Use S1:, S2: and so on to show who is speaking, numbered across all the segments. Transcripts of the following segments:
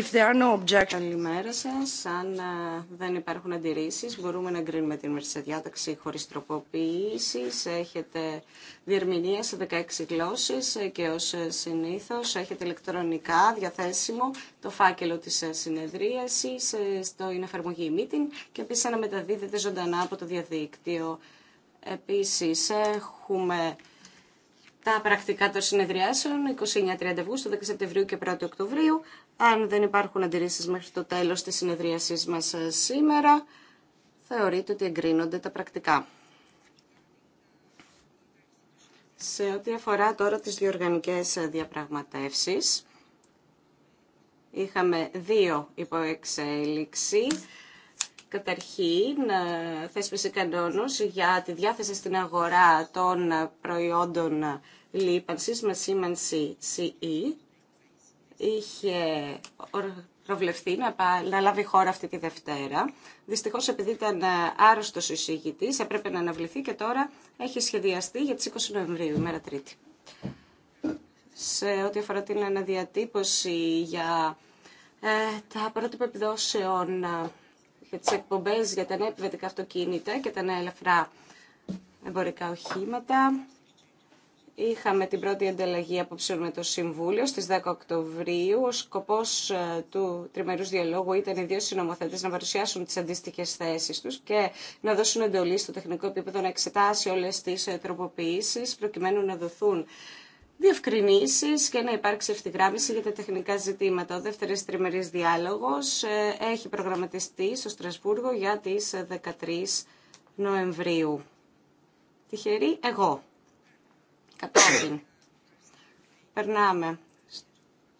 S1: If there are no Καλημέρα σα. Αν δεν υπάρχουν αντιρρήσει, μπορούμε να εγκρίνουμε την ημερήσια διάταξη χωρί τροποποίηση. Έχετε διερμηνία σε 16 γλώσσε και ω συνήθω έχετε ηλεκτρονικά διαθέσιμο το φάκελο τη συνεδρίαση ε, στο είναι εφαρμογή meeting και επίση αναμεταδίδεται ζωντανά από το διαδίκτυο. Επίση, έχουμε τα πρακτικά των συνεδριάσεων 29-30 Αυγούστου, 10 Σεπτεμβρίου και 1 Οκτωβρίου. Αν δεν υπάρχουν αντιρρήσεις μέχρι το τέλος της συνεδρίασής μας ε, σήμερα, θεωρείται ότι εγκρίνονται τα πρακτικά. Σε ό,τι αφορά τώρα τις διοργανικές ε, διαπραγματεύσεις, είχαμε δύο υποεξέλιξη. Καταρχήν, ε, θέσπιση κανόνους για τη διάθεση στην αγορά των προϊόντων λίπανσης με σήμανση CE είχε προβλεφθεί να, να λάβει χώρα αυτή τη Δευτέρα. Δυστυχώς επειδή ήταν ε, άρρωστος ο εισηγητής έπρεπε να αναβληθεί και τώρα έχει σχεδιαστεί για τις 20 Νοεμβρίου, ημέρα Τρίτη. Σε ό,τι αφορά την αναδιατύπωση για ε, τα πρότυπα επιδόσεων ε, για τις εκπομπές για τα νέα επιβατικά αυτοκίνητα και τα νέα ελαφρά εμπορικά οχήματα. Είχαμε την πρώτη ανταλλαγή απόψε με το Συμβούλιο στις 10 Οκτωβρίου. Ο σκοπός ε, του τριμερούς διαλόγου ήταν οι δύο συνομοθέτες να παρουσιάσουν τις αντίστοιχες θέσεις τους και να δώσουν εντολή στο τεχνικό επίπεδο να εξετάσει όλες τις ε, τροποποιήσεις προκειμένου να δοθούν διευκρινήσει και να υπάρξει ευθυγράμμιση για τα τεχνικά ζητήματα. Ο δεύτερο τριμερή διάλογο ε, έχει προγραμματιστεί στο Στρασβούργο για τι 13 Νοεμβρίου. Τυχερή εγώ κατόπιν. Περνάμε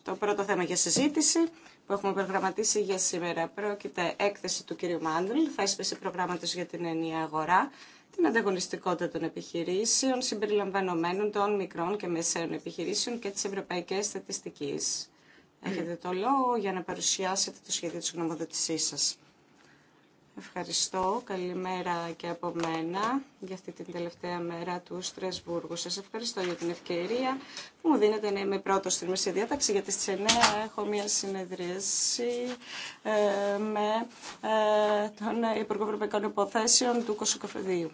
S1: στο πρώτο θέμα για συζήτηση που έχουμε προγραμματίσει για σήμερα. Πρόκειται έκθεση του κ. Μάντλ, θέσπιση προγράμματο για την ενιαία αγορά, την ανταγωνιστικότητα των επιχειρήσεων, συμπεριλαμβανομένων των μικρών και μεσαίων επιχειρήσεων και τη ευρωπαϊκή στατιστική. Έχετε το λόγο για να παρουσιάσετε το σχέδιο τη γνωμοδοτησής σας. Ευχαριστώ. Καλημέρα και από μένα για αυτή την τελευταία μέρα του Στρασβούργου. Σας ευχαριστώ για την ευκαιρία που μου δίνετε να είμαι πρώτο στη Μέση Διάταξη, γιατί στις 9 έχω μια συνεδρίαση ε, με ε, τον Υπουργό Ευρωπαϊκών Υποθέσεων του Κωσοκαφεδίου.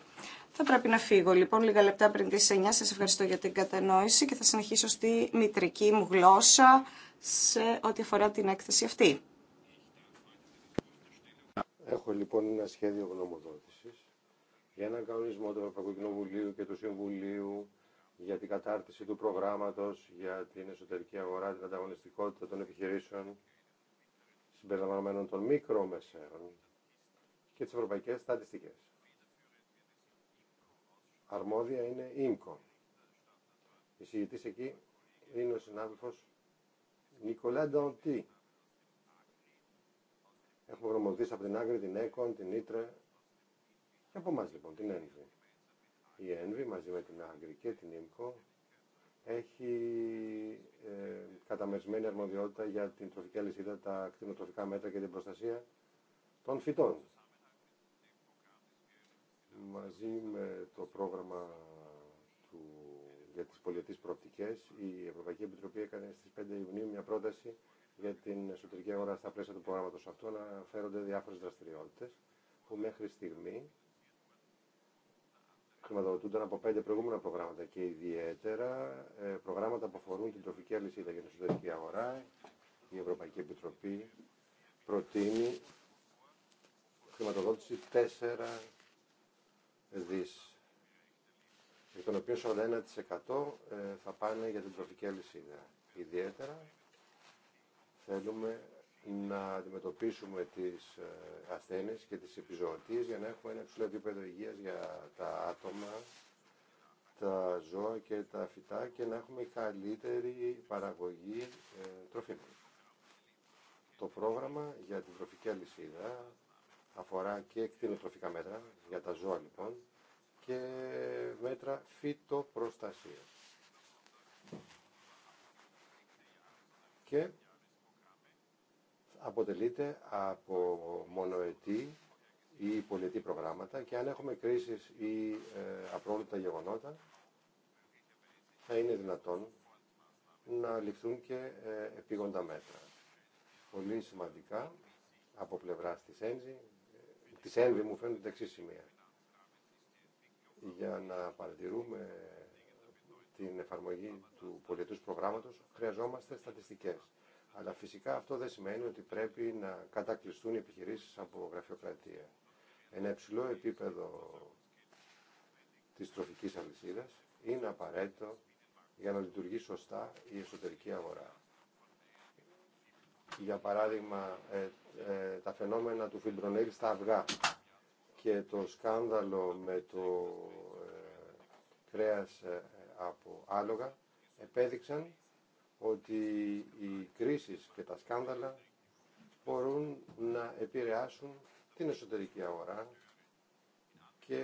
S1: Θα πρέπει να φύγω λοιπόν λίγα λεπτά πριν τις 9. Σας ευχαριστώ για την κατανόηση και θα συνεχίσω στη μητρική μου γλώσσα σε ό,τι αφορά την έκθεση αυτή.
S2: Έχω λοιπόν ένα σχέδιο γνωμοδότησης για έναν κανονισμό του Ευρωπαϊκού Κοινοβουλίου και του Συμβουλίου για την κατάρτιση του προγράμματος, για την εσωτερική αγορά, την ανταγωνιστικότητα των επιχειρήσεων συμπεριλαμβανομένων των μικρομεσαίων και τις ευρωπαϊκές στατιστικές. Αρμόδια είναι ΙΜΚΟ. Η εκεί είναι ο συνάδελφος Νικολά Νταντή. Έχουμε γνωμοδοτήσει από την Άγκρη, την ΕΚΟΝ, την Ήτρε και από εμά λοιπόν την ΕΝΒΗ. Η ΕΝΒΗ μαζί με την Άγκρη και την IMCO έχει ε, καταμεσμένη αρμοδιότητα για την τροφική αλυσίδα, τα κτηνοτροφικά μέτρα και την προστασία των φυτών. Μαζί με το πρόγραμμα του, για τις πολιτικές προοπτικές, η Ευρωπαϊκή Επιτροπή έκανε στις 5 Ιουνίου μια πρόταση για την εσωτερική αγορά στα πλαίσια του προγράμματος αυτού φέρονται διάφορες δραστηριότητες που μέχρι στιγμή χρηματοδοτούνταν από πέντε προηγούμενα προγράμματα και ιδιαίτερα ε, προγράμματα που αφορούν την τροφική αλυσίδα για την εσωτερική αγορά. Η Ευρωπαϊκή Επιτροπή προτείνει χρηματοδότηση 4 δις εκ των οποίων 41% ε, θα πάνε για την τροφική αλυσίδα. Ιδιαίτερα θέλουμε να αντιμετωπίσουμε τις ε, ασθένειες και τις επιζωοτίες για να έχουμε ένα υψηλό επίπεδο για τα άτομα, τα ζώα και τα φυτά και να έχουμε καλύτερη παραγωγή ε, τροφίμων. Το πρόγραμμα για την τροφική αλυσίδα αφορά και κτηνοτροφικά μέτρα για τα ζώα λοιπόν και μέτρα φυτοπροστασίας. Και αποτελείται από μονοετή ή πολιετή προγράμματα και αν έχουμε κρίσεις ή ε, απρόβλεπτα γεγονότα θα είναι δυνατόν να ληφθούν και ε, επίγοντα μέτρα. Πολύ σημαντικά από πλευράς της ΕΝΖΗ, της ΕΝΒΗ μου φαίνονται τα εξής σημεία. Για να παρατηρούμε την εφαρμογή του πολιτούς προγράμματος χρειαζόμαστε στατιστικές αλλά φυσικά αυτό δεν σημαίνει ότι πρέπει να κατακλειστούν οι επιχειρήσεις από γραφειοκρατία. Ένα υψηλό επίπεδο της τροφικής αλυσίδας είναι απαραίτητο για να λειτουργεί σωστά η εσωτερική αγορά. Για παράδειγμα, ε, ε, τα φαινόμενα του φιλτρονέλη στα αυγά και το σκάνδαλο με το ε, κρέας ε, από άλογα επέδειξαν ότι οι κρίσεις και τα σκάνδαλα μπορούν να επηρεάσουν την εσωτερική αγορά και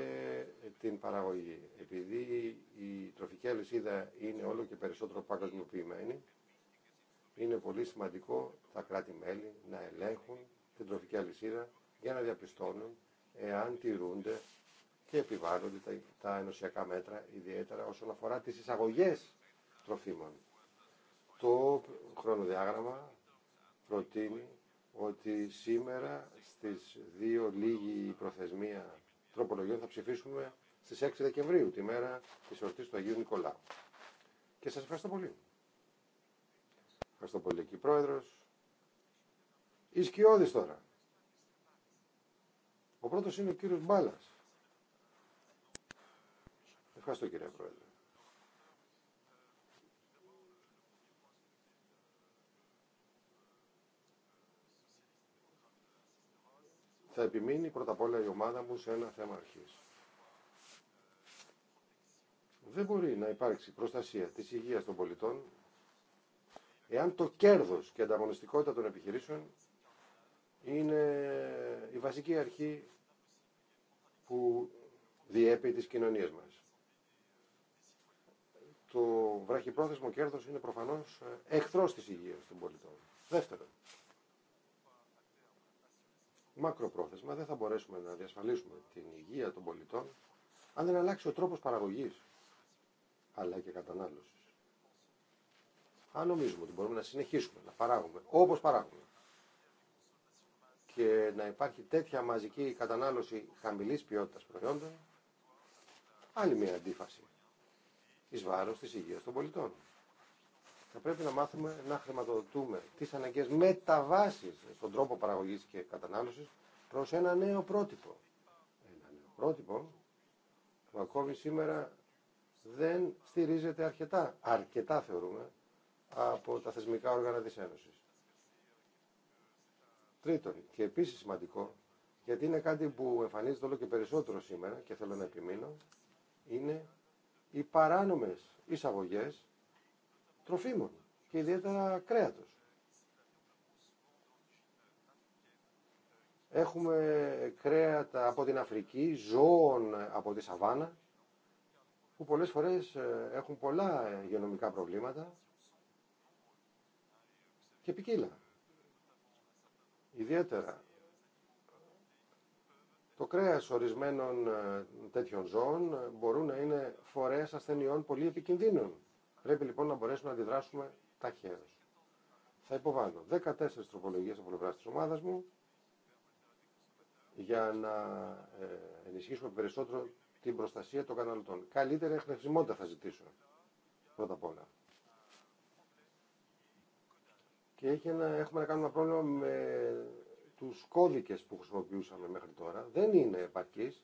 S2: την παραγωγή. Επειδή η τροφική αλυσίδα είναι όλο και περισσότερο παγκοσμιοποιημένη, είναι πολύ σημαντικό τα κράτη-μέλη να ελέγχουν την τροφική αλυσίδα για να διαπιστώνουν εάν τηρούνται και επιβάλλονται τα ενωσιακά μέτρα, ιδιαίτερα όσον αφορά τις εισαγωγές τροφίμων. Το χρονοδιάγραμμα προτείνει ότι σήμερα στις δύο λίγη προθεσμία τροπολογιών θα ψηφίσουμε στις 6 Δεκεμβρίου, τη μέρα της ορτής του Αγίου Νικολάου. Και σας ευχαριστώ πολύ. Ευχαριστώ πολύ εκεί πρόεδρος. Ισκιώδης τώρα. Ο πρώτος είναι ο κύριος Μπάλας. Ευχαριστώ κύριε πρόεδρε. θα επιμείνει πρώτα απ' όλα η ομάδα μου σε ένα θέμα αρχής. Δεν μπορεί να υπάρξει προστασία της υγείας των πολιτών εάν το κέρδος και ανταγωνιστικότητα των επιχειρήσεων είναι η βασική αρχή που διέπει τις κοινωνίες μας. Το βραχυπρόθεσμο κέρδος είναι προφανώς εχθρός της υγείας των πολιτών. Δεύτερον, Μακροπρόθεσμο αποτέλεσμα δεν θα μπορέσουμε να διασφαλίσουμε την υγεία των πολιτών αν δεν αλλάξει ο τρόπος παραγωγής αλλά και κατανάλωσης. Αν νομίζουμε ότι μπορούμε να συνεχίσουμε να παράγουμε όπως παράγουμε και να υπάρχει τέτοια μαζική κατανάλωση χαμηλής ποιότητας προϊόντων, άλλη μια αντίφαση εις βάρος της υγείας των πολιτών. Θα πρέπει να μάθουμε να χρηματοδοτούμε τις αναγκαίες μεταβάσεις στον τρόπο παραγωγής και κατανάλωσης προς ένα νέο πρότυπο. Ένα νέο πρότυπο που ακόμη σήμερα δεν στηρίζεται αρκετά, αρκετά θεωρούμε, από τα θεσμικά όργανα της Ένωσης. Τρίτον, και επίσης σημαντικό, γιατί είναι κάτι που εμφανίζεται όλο και περισσότερο σήμερα και θέλω να επιμείνω, είναι οι παράνομες εισαγωγές τροφίμων και ιδιαίτερα κρέατος. Έχουμε κρέατα από την Αφρική, ζώων από τη Σαββάνα, που πολλές φορές ε, έχουν πολλά υγειονομικά προβλήματα και ποικίλα. Ιδιαίτερα το κρέας ορισμένων ε, τέτοιων ζώων ε, μπορούν να είναι φορές ασθενειών πολύ επικινδύνων. Πρέπει λοιπόν να μπορέσουμε να αντιδράσουμε ταχαίως. Θα υποβάλω 14 τροπολογίες από πλευρά της ομάδας μου για να ε, ενισχύσουμε περισσότερο την προστασία των καταναλωτών. Καλύτερη εχνευσιμότητα θα ζητήσω πρώτα απ' όλα. Και έχει έχουμε να κάνουμε ένα πρόβλημα με τους κώδικες που χρησιμοποιούσαμε μέχρι τώρα. Δεν είναι επαρκής.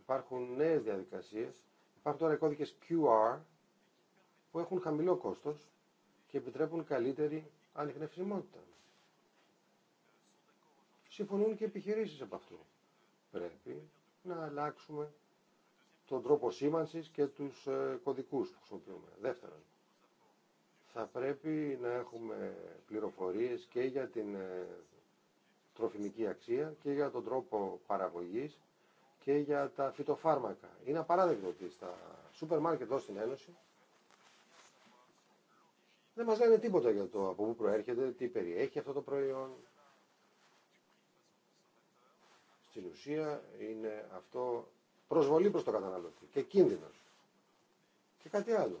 S2: Υπάρχουν νέες διαδικασίες. Υπάρχουν τώρα οι κώδικες QR που έχουν χαμηλό κόστος και επιτρέπουν καλύτερη ανιχνευσιμότητα συμφωνούν και επιχειρήσεις από αυτού. Πρέπει να αλλάξουμε τον τρόπο σήμανσης και τους ε, κωδικούς που χρησιμοποιούμε. Δεύτερον, θα πρέπει να έχουμε πληροφορίες και για την ε, τροφιμική αξία και για τον τρόπο παραγωγής και για τα φυτοφάρμακα. Είναι απαράδεκτο ότι στα σούπερ μάρκετ εδώ στην Ένωση δεν μας λένε τίποτα για το από πού προέρχεται, τι περιέχει αυτό το προϊόν, στην ουσία είναι αυτό προσβολή προς το καταναλωτή και κίνδυνος. Και κάτι άλλο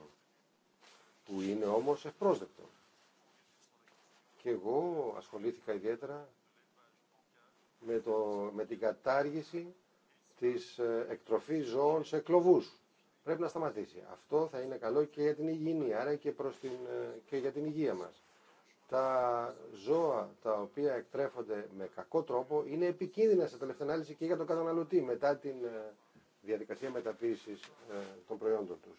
S2: που είναι όμως ευπρόσδεκτο. Και εγώ ασχολήθηκα ιδιαίτερα με, το, με την κατάργηση της ε, εκτροφής ζώων σε κλοβούς. Πρέπει να σταματήσει. Αυτό θα είναι καλό και για την υγιεινή, άρα και, προς την, ε, και για την υγεία μας τα ζώα τα οποία εκτρέφονται με κακό τρόπο είναι επικίνδυνα σε τελευταία ανάλυση και για τον καταναλωτή μετά την ε, διαδικασία μεταποίησης ε, των προϊόντων τους.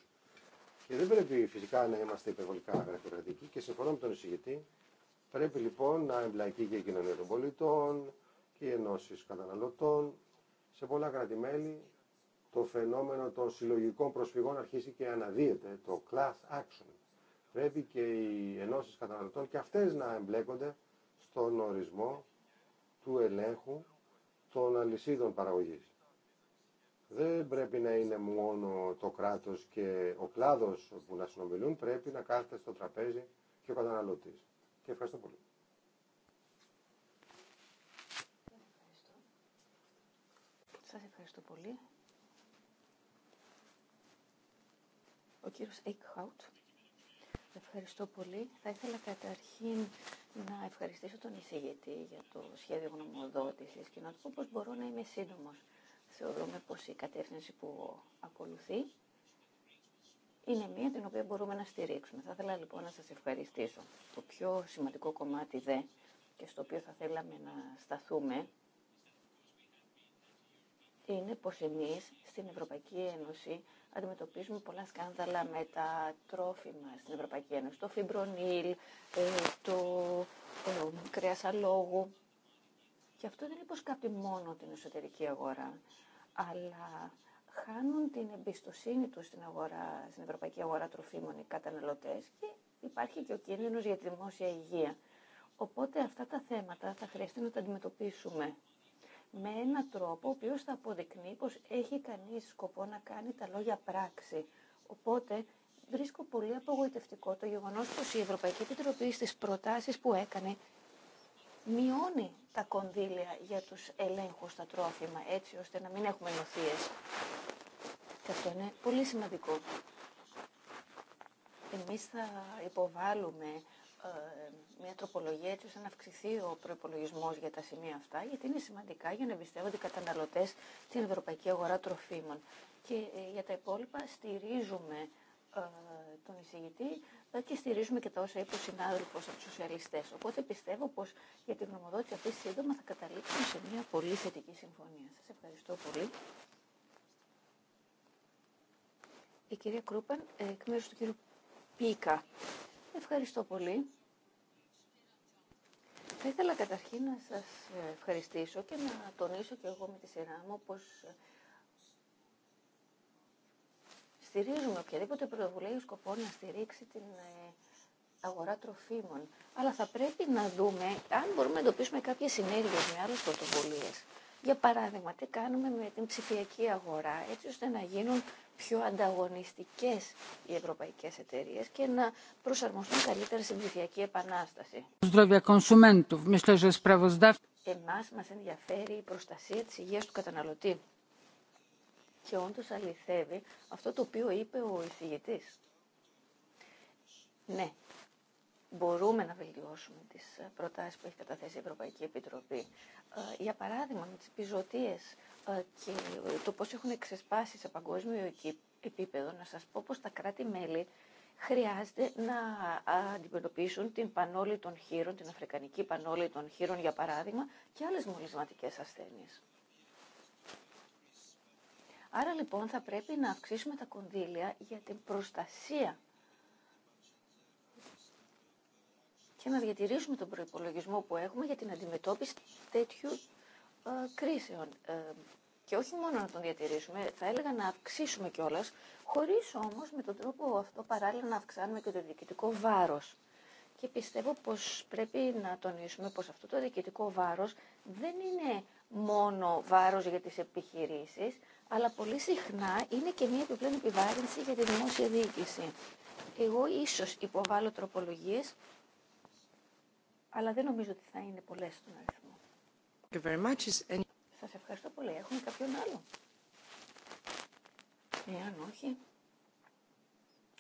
S2: Και δεν πρέπει φυσικά να είμαστε υπερβολικά γραφειοκρατικοί και συμφωνώ με τον εισηγητή. Πρέπει λοιπόν να εμπλακεί και η κοινωνία των πολιτών και οι ενώσει καταναλωτών. Σε πολλά κράτη-μέλη το φαινόμενο των συλλογικών προσφυγών αρχίζει και αναδύεται, το class action πρέπει και οι ενώσεις καταναλωτών και αυτές να εμπλέκονται στον ορισμό του ελέγχου των αλυσίδων παραγωγής. Δεν πρέπει να είναι μόνο το κράτος και ο κλάδος που να συνομιλούν, πρέπει να κάθεται στο τραπέζι και ο καταναλωτής. Και ευχαριστώ πολύ.
S3: Σας ευχαριστώ πολύ. Ο κύριος Eichhout. Ευχαριστώ πολύ. Θα ήθελα καταρχήν να ευχαριστήσω τον εισηγητή για το σχέδιο γνωμοδότησης και να του πω πως μπορώ να είμαι σύντομος. Θεωρούμε πως η κατεύθυνση που ακολουθεί είναι μία την οποία μπορούμε να στηρίξουμε. Θα ήθελα λοιπόν να σας ευχαριστήσω. Το πιο σημαντικό κομμάτι δε και στο οποίο θα θέλαμε να σταθούμε είναι πως εμείς στην Ευρωπαϊκή Ένωση αντιμετωπίζουμε πολλά σκάνδαλα με τα τρόφιμα στην Ευρωπαϊκή Ένωση. Το φιμπρονίλ, ε, το ε, κρέας αλόγου. Και αυτό δεν υποσκάπτει μόνο την εσωτερική αγορά, αλλά χάνουν την εμπιστοσύνη τους στην, αγορά, στην ευρωπαϊκή αγορά τροφίμων οι καταναλωτές και υπάρχει και ο κίνδυνος για τη δημόσια υγεία. Οπότε αυτά τα θέματα θα χρειαστεί να τα αντιμετωπίσουμε με έναν τρόπο ο οποίος θα αποδεικνύει πως έχει κανείς σκοπό να κάνει τα λόγια πράξη. Οπότε βρίσκω πολύ απογοητευτικό το γεγονός πως η Ευρωπαϊκή Επιτροπή στις προτάσεις που έκανε μειώνει τα κονδύλια για τους ελέγχους στα τρόφιμα έτσι ώστε να μην έχουμε νοθείες. Και αυτό είναι πολύ σημαντικό. Εμείς θα υποβάλουμε ε, μια τροπολογία έτσι ώστε να αυξηθεί ο προπολογισμό για τα σημεία αυτά, γιατί είναι σημαντικά για να εμπιστεύονται οι καταναλωτέ στην ευρωπαϊκή αγορά τροφίμων. Και ε, για τα υπόλοιπα στηρίζουμε ε, τον εισηγητή και στηρίζουμε και τα όσα είπε ο συνάδελφο από του σοσιαλιστέ. Οπότε πιστεύω πω για την γνωμοδότηση αυτή σύντομα θα καταλήξουμε σε μια πολύ θετική συμφωνία. Σα ευχαριστώ πολύ. Η κυρία Κρούπαν, εκ του κύριου Πίκα. Ευχαριστώ πολύ. Θα ήθελα καταρχήν να σας ευχαριστήσω και να τονίσω και εγώ με τη σειρά μου πως στηρίζουμε οποιαδήποτε πρωτοβουλία ο σκοπό να στηρίξει την ε, αγορά τροφίμων. Αλλά θα πρέπει να δούμε αν μπορούμε να εντοπίσουμε κάποιες συνέργειες με άλλες πρωτοβουλίες. Για παράδειγμα, τι κάνουμε με την ψηφιακή αγορά, έτσι ώστε να γίνουν πιο ανταγωνιστικές οι ευρωπαϊκές εταιρείες και να προσαρμοστούν καλύτερα στην ψηφιακή επανάσταση. Εμάς μας ενδιαφέρει η προστασία της υγείας του καταναλωτή. Και όντως αληθεύει αυτό το οποίο είπε ο εισηγητής. Ναι, μπορούμε να βελτιώσουμε τις ε, προτάσεις που έχει καταθέσει η Ευρωπαϊκή Επιτροπή. Ε, για παράδειγμα, με τις πιζωτίες ε, και το πώς έχουν εξεσπάσει σε παγκόσμιο επίπεδο, να σας πω πως τα κράτη-μέλη χρειάζεται να αντιμετωπίσουν την πανόλη των χείρων, την αφρικανική πανόλη των χείρων, για παράδειγμα, και άλλες μολυσματικές ασθένειες. Άρα λοιπόν θα πρέπει να αυξήσουμε τα κονδύλια για την προστασία και να διατηρήσουμε τον προπολογισμό που έχουμε για την αντιμετώπιση τέτοιου ε, κρίσεων. Ε, και όχι μόνο να τον διατηρήσουμε, θα έλεγα να αυξήσουμε κιόλα, χωρί όμως με τον τρόπο αυτό παράλληλα να αυξάνουμε και το διοικητικό βάρος. Και πιστεύω πως πρέπει να τονίσουμε πως αυτό το διοικητικό βάρος δεν είναι μόνο βάρο για τι επιχειρήσει, αλλά πολύ συχνά είναι και μια επιπλέον επιβάρυνση για τη δημόσια διοίκηση. Εγώ ίσω υποβάλλω τροπολογίες αλλά δεν νομίζω ότι θα είναι πολλέ στον αριθμό. Any... Σας ευχαριστώ πολύ. Έχουμε κάποιον άλλο. Εάν όχι,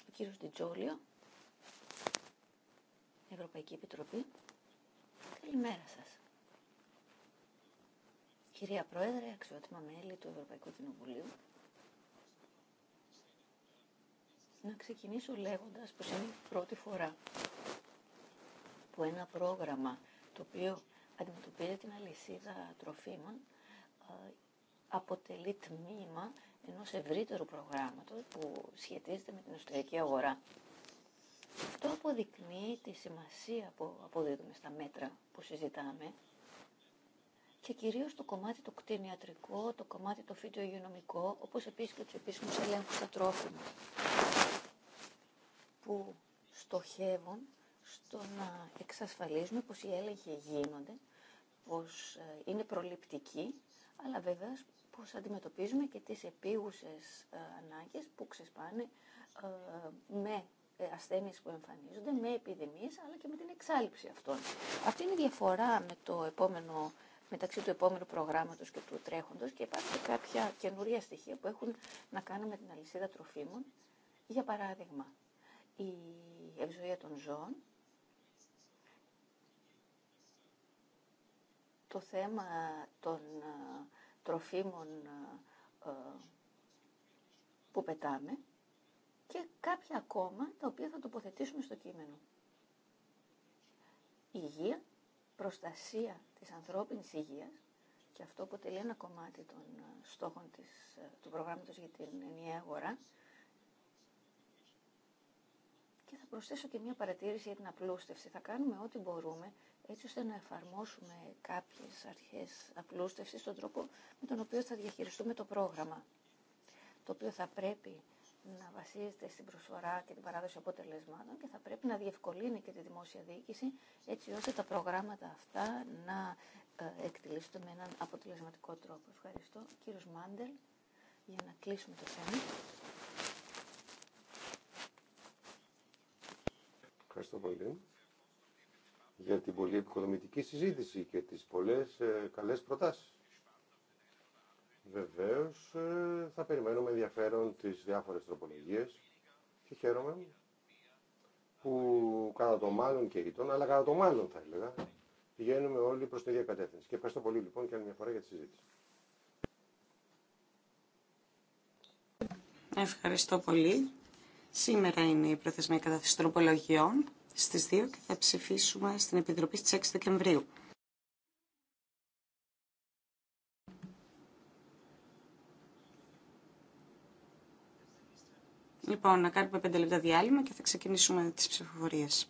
S3: ο κύριος Ντιτζόλιο, Ευρωπαϊκή Επιτροπή, καλημέρα σας. Κυρία Πρόεδρε, αξιότιμα μέλη του Ευρωπαϊκού Κοινοβουλίου, να ξεκινήσω λέγοντας πως είναι η πρώτη φορά που ένα πρόγραμμα το οποίο αντιμετωπίζει την αλυσίδα τροφίμων αποτελεί τμήμα ενός ευρύτερου προγράμματος που σχετίζεται με την εσωτερική αγορά. Αυτό αποδεικνύει τη σημασία που αποδίδουμε στα μέτρα που συζητάμε και κυρίως το κομμάτι το κτηνιατρικό, το κομμάτι το φυτο-υγειονομικό όπως επίσης και τους επίσημους ελέγχους στα τρόφιμα, που στοχεύουν στο να εξασφαλίζουμε πως οι έλεγχοι γίνονται, πως ε, είναι προληπτικοί, αλλά βέβαια πως αντιμετωπίζουμε και τις επίγουσες ε, ανάγκες που ξεσπάνε ε, με ασθένειες που εμφανίζονται, με επιδημίες, αλλά και με την εξάλληψη αυτών. Αυτή είναι η διαφορά με το επόμενο μεταξύ του επόμενου προγράμματος και του τρέχοντος και υπάρχουν και κάποια καινούρια στοιχεία που έχουν να κάνουν με την αλυσίδα τροφίμων. Για παράδειγμα, η ευζοία των ζώων, το θέμα των ε, τροφίμων ε, ε, που πετάμε και κάποια ακόμα τα οποία θα τοποθετήσουμε στο κείμενο. Υγεία, προστασία της ανθρώπινης υγείας και αυτό αποτελεί ένα κομμάτι των στόχων της, του προγράμματος για την ενιαία αγορά και θα προσθέσω και μια παρατήρηση για την απλούστευση. Θα κάνουμε ό,τι μπορούμε έτσι ώστε να εφαρμόσουμε κάποιες αρχές απλούστευσης στον τρόπο με τον οποίο θα διαχειριστούμε το πρόγραμμα, το οποίο θα πρέπει να βασίζεται στην προσφορά και την παράδοση αποτελεσμάτων και θα πρέπει να διευκολύνει και τη δημόσια διοίκηση έτσι ώστε τα προγράμματα αυτά να ε, εκτελήσουν με έναν αποτελεσματικό τρόπο. Ευχαριστώ. Κύριος Μάντελ, για να κλείσουμε το θέμα.
S2: Ευχαριστώ πολύ για την πολύ επικοδομητική συζήτηση και τις πολλές ε, καλές προτάσεις. Βεβαίως ε, θα περιμένουμε ενδιαφέρον τις διάφορες τροπολογίες και χαίρομαι που κατά το μάλλον και ρητών, αλλά κατά το μάλλον θα έλεγα, πηγαίνουμε όλοι προς την ίδια κατεύθυνση. Και ευχαριστώ πολύ λοιπόν και άλλη μια φορά για τη συζήτηση.
S1: Ευχαριστώ πολύ. Σήμερα είναι η προθεσμία κατάθεση τροπολογιών στις 2 και θα ψηφίσουμε στην Επιτροπή στις 6 Δεκεμβρίου. Λοιπόν, να κάνουμε 5 λεπτά διάλειμμα και θα ξεκινήσουμε τις ψηφοφορίες.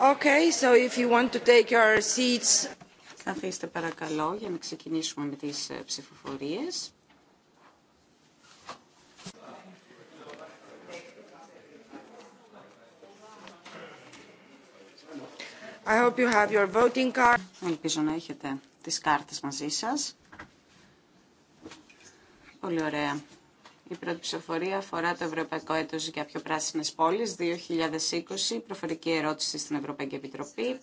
S1: Okay, so if you want to take your seats... Καθίστε παρακαλώ για να ξεκινήσουμε με τις ε, ψηφοφορίες.
S3: I hope you have your voting card.
S1: Ελπίζω να έχετε τις κάρτες μαζί σας. Πολύ ωραία. Η πρώτη ψηφοφορία αφορά το Ευρωπαϊκό Έτος για πιο πράσινες πόλεις 2020, προφορική ερώτηση στην Ευρωπαϊκή Επιτροπή.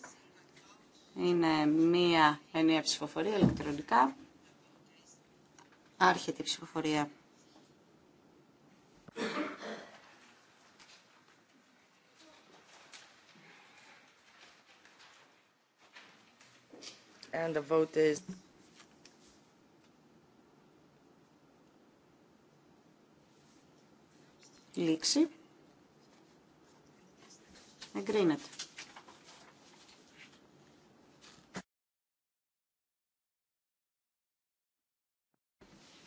S1: Είναι μία ενιαία ψηφοφορία ηλεκτρονικά. Άρχεται η ψηφοφορία. And the vote is... Λήξη.
S2: Εγκρίνεται.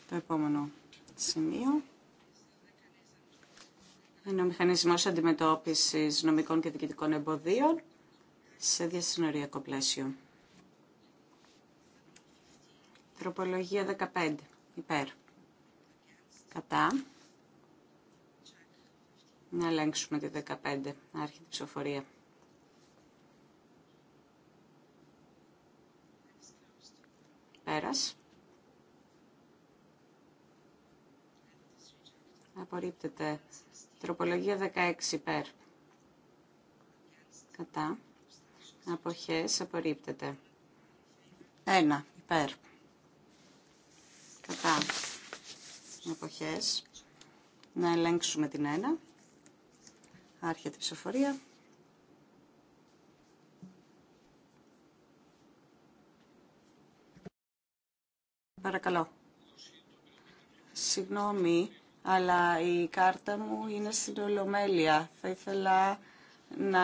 S2: Το επόμενο
S1: σημείο είναι ο μηχανισμός αντιμετώπισης νομικών και διοικητικών εμποδίων σε διασυνοριακό πλαίσιο. Τροπολογία 15. Υπέρ. Κατά. Να ελέγξουμε τη 15. Άρχη η ψηφοφορία. Πέρας. Απορρίπτεται. Τροπολογία 16 υπέρ. Κατά. Αποχές απορρίπτεται. 1 υπέρ. Κατά. Αποχές. Να ελέγξουμε την 1. Άρχεται η ψηφοφορία. Παρακαλώ. Συγγνώμη, αλλά η κάρτα μου είναι στην Ολομέλεια. Θα ήθελα να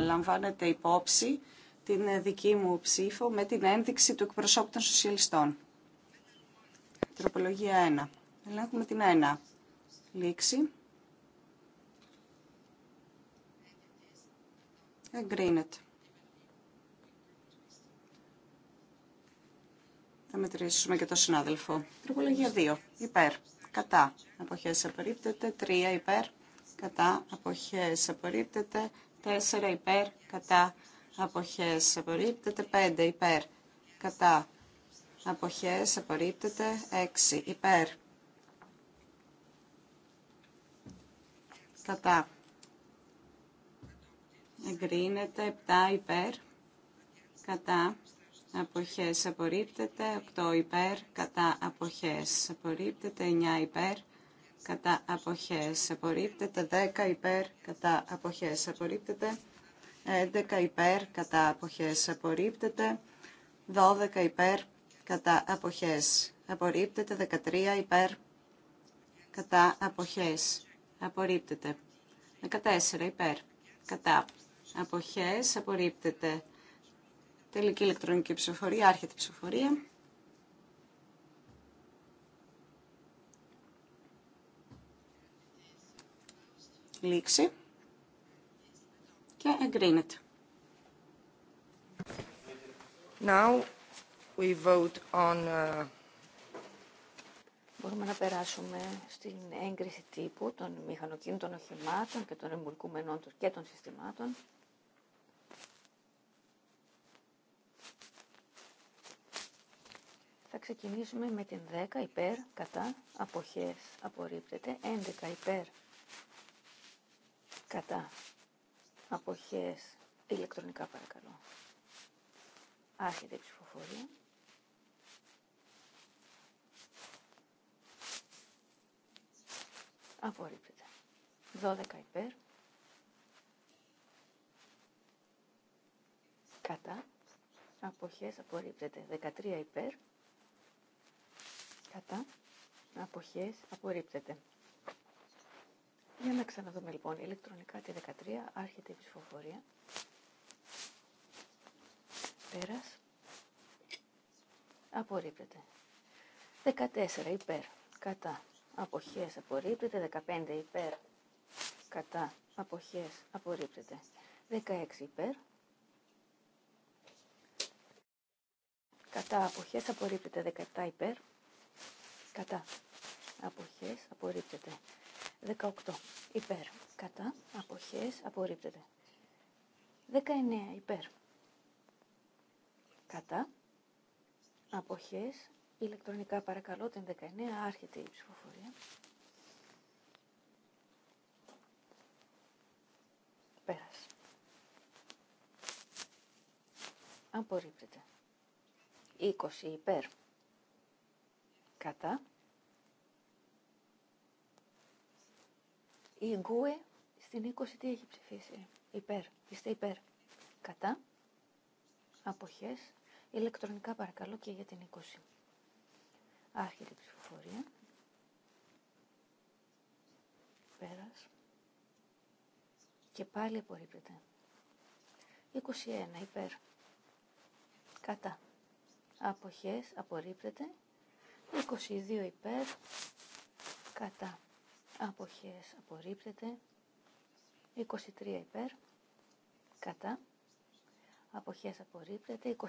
S1: λαμβάνετε υπόψη την δική μου ψήφο με την ένδειξη του εκπροσώπου των σοσιαλιστών. Τροπολογία 1. Ελέγχουμε την 1. Λήξη. Εγκρίνεται. Θα μετρήσουμε και το συνάδελφο. Τροπολογία 2. Υπέρ. Κατά. Αποχές απορρίπτεται. 3. Υπέρ. Κατά. Αποχές απορρίπτεται. 4. Υπέρ. Κατά. Αποχές απορρίπτεται. 5. Υπέρ. Κατά. Αποχές απορρίπτεται. 6. Υπέρ. Κατά εγκρίνεται 7 υπέρ κατά αποχές απορρίπτεται 8 υπέρ κατά αποχές απορρίπτεται 9 υπέρ κατά αποχές απορρίπτεται 10 υπέρ κατά αποχές απορρίπτεται 11 υπέρ κατά αποχές απορρίπτεται 12 υπέρ κατά αποχές απορρίπτεται 13 υπέρ κατά αποχές απορρίπτεται 14 υπέρ κατά αποχές απορρίπτεται. Τελική ηλεκτρονική ψηφοφορία, άρχεται ψηφοφορία. Λήξη και εγκρίνεται. Now we vote on... Uh,
S3: Μπορούμε να περάσουμε στην έγκριση τύπου των μηχανοκίνητων οχημάτων και των εμπορικουμένων και των συστημάτων. Θα ξεκινήσουμε με την 10 υπέρ, κατά, αποχές, απορρίπτεται. 11 υπέρ, κατά, αποχές, ηλεκτρονικά παρακαλώ. Άρχεται η ψηφοφορία. Απορρίπτεται. 12 υπέρ. Κατά. Αποχές απορρίπτεται. 13 υπέρ κατά, αποχές, απορρίπτεται. Για να ξαναδούμε λοιπόν ηλεκτρονικά τη 13, άρχεται η ψηφοφορία. Πέρας, απορρίπτεται. 14 υπέρ, κατά, αποχές, απορρίπτεται. 15 υπέρ, κατά, αποχές, απορρίπτεται. 16 υπέρ, κατά αποχές απορρίπτεται 17 υπέρ, κατά αποχές απορρίπτεται. 18 υπέρ κατά αποχές απορρίπτεται. 19 υπέρ κατά αποχές ηλεκτρονικά παρακαλώ την 19 άρχεται η ψηφοφορία. Πέρασε. Απορρίπτεται. 20 υπέρ κατά Η Γκουε στην 20 τι έχει ψηφίσει. Υπέρ. Είστε υπέρ. Κατά. Αποχές. Ηλεκτρονικά παρακαλώ και για την 20. Άρχεται η ψηφοφορία. Πέρας. Και πάλι απορρίπτεται. 21 υπέρ. Κατά. Αποχές απορρίπτεται. 22 υπέρ. Κατά αποχές απορρίπτεται 23 υπέρ κατά αποχές απορρίπτεται 24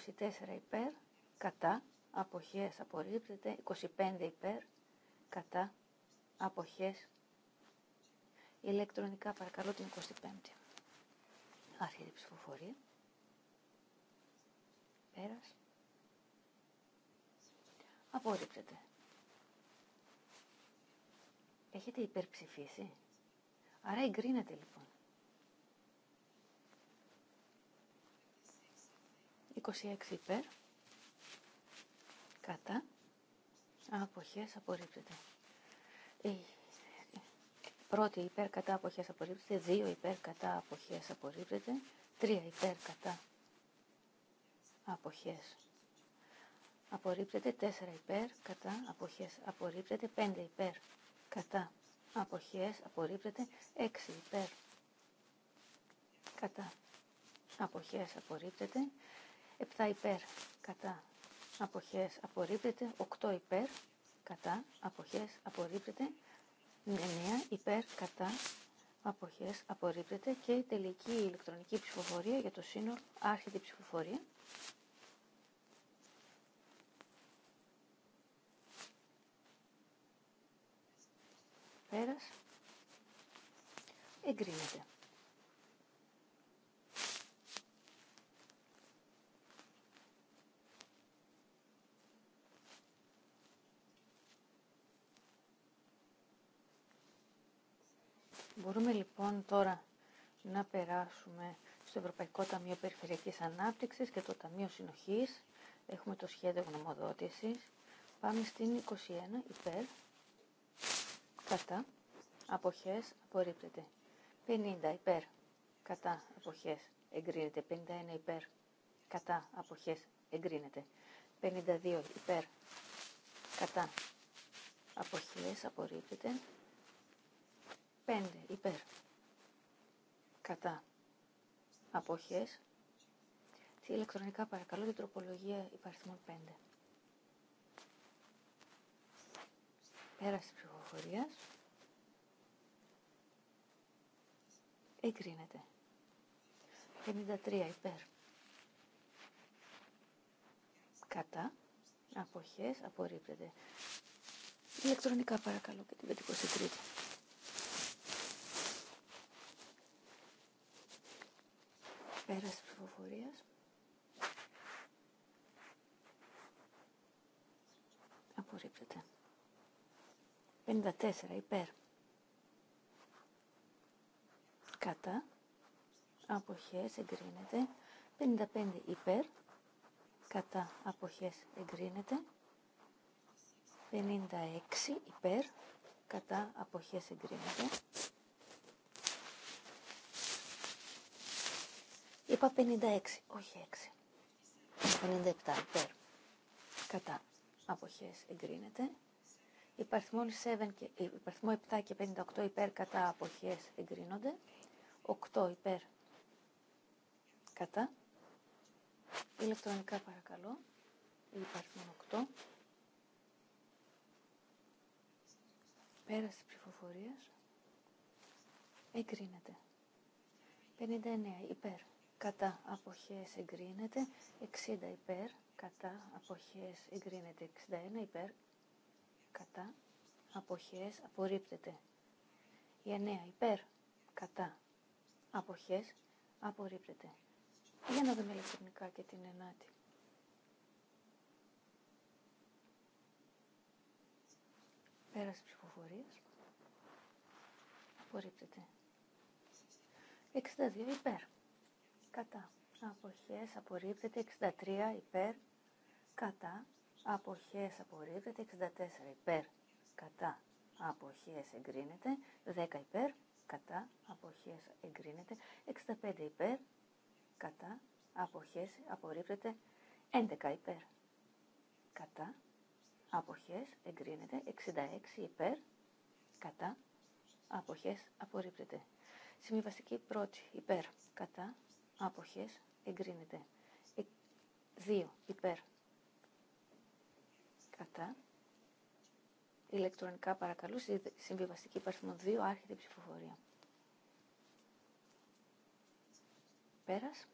S3: υπέρ κατά αποχές απορρίπτεται 25 υπέρ κατά αποχές ηλεκτρονικά παρακαλώ την 25η άρχεται η ψηφοφορία πέρας απορρίπτεται Έχετε υπερψηφίσει. Άρα εγκρίνεται λοιπόν. 26 υπέρ. Κατά. Αποχές απορρίπτεται. εί πρώτη υπέρ κατά αποχές απορρίπτεται. 2 υπέρ κατά αποχές απορρίπτεται. 3 υπέρ κατά αποχές απορρίπτεται. 4 υπέρ κατά αποχές απορρίπτεται. 5 υπέρ κατά αποχές απορρίπτεται 6 υπέρ κατά αποχές απορρίπτεται 7 υπέρ κατά αποχές απορρίπτεται 8 υπέρ κατά αποχές απορρίπτεται 9 υπέρ κατά αποχές απορρίπτεται και η τελική ηλεκτρονική ψηφοφορία για το σύνολο η ψηφοφορία εγκρίνεται. Μπορούμε λοιπόν τώρα να περάσουμε στο Ευρωπαϊκό Ταμείο Περιφερειακής Ανάπτυξης και το Ταμείο Συνοχής. Έχουμε το σχέδιο γνωμοδότησης. Πάμε στην 21 υπέρ κατά, αποχές, απορρίπτεται. 50 υπέρ, κατά, αποχές, εγκρίνεται. 51 υπέρ, κατά, αποχές, εγκρίνεται. 52 υπέρ, κατά, αποχές, απορρίπτεται. 5 υπέρ, κατά, αποχές. Τι ηλεκτρονικά παρακαλώ, την τροπολογία υπαριθμών 5. Πέρασε ψηφοφορίας εγκρίνεται 53 υπέρ κατά αποχές απορρίπτεται ηλεκτρονικά παρακαλώ και την 53 τη ψηφοφορίας 54 υπέρ. Κατά. Αποχές εγκρίνεται. 55 υπέρ. Κατά. Αποχές εγκρίνεται. 56 υπέρ. Κατά. Αποχές εγκρίνεται. Είπα 56, όχι 6. 57 υπέρ. Κατά. Αποχές εγκρίνεται. Υπαρθμό 7 και 58 ε, υπέρ κατά αποχές εγκρίνονται. 8 υπέρ κατά. Ηλεκτρονικά παρακαλώ. Υπαρθμό 8. Πέραση ψηφοφορίας. Εγκρίνεται. 59 υπέρ κατά αποχές εγκρίνεται. 60 υπέρ κατά αποχές εγκρίνεται. 61 υπέρ κατά, αποχές, απορρίπτεται. Η 9 υπέρ, κατά, αποχές, απορρίπτεται. Για να δούμε ηλεκτρονικά και την ενάτη. Πέρασε ψηφοφορίας. Απορρίπτεται. 62 υπέρ. Κατά. Αποχές απορρίπτεται. 63 υπέρ. Κατά αποχές απορρίπτεται, 64 υπέρ, κατά, αποχές εγκρίνεται, 10 υπέρ, κατά, αποχές εγκρίνεται, 65 υπέρ, κατά, αποχές απορρίπτεται, 11 υπέρ, κατά, αποχές εγκρίνεται, 66 υπέρ, κατά, αποχές απορρίπτεται. Συμβιβαστική πρώτη υπέρ, κατά, αποχές εγκρίνεται. 2 ε, υπέρ, κατά. Ηλεκτρονικά παρακαλώ, συμβιβαστική υπαριθμό 2, άρχεται η ψηφοφορία. Πέρας.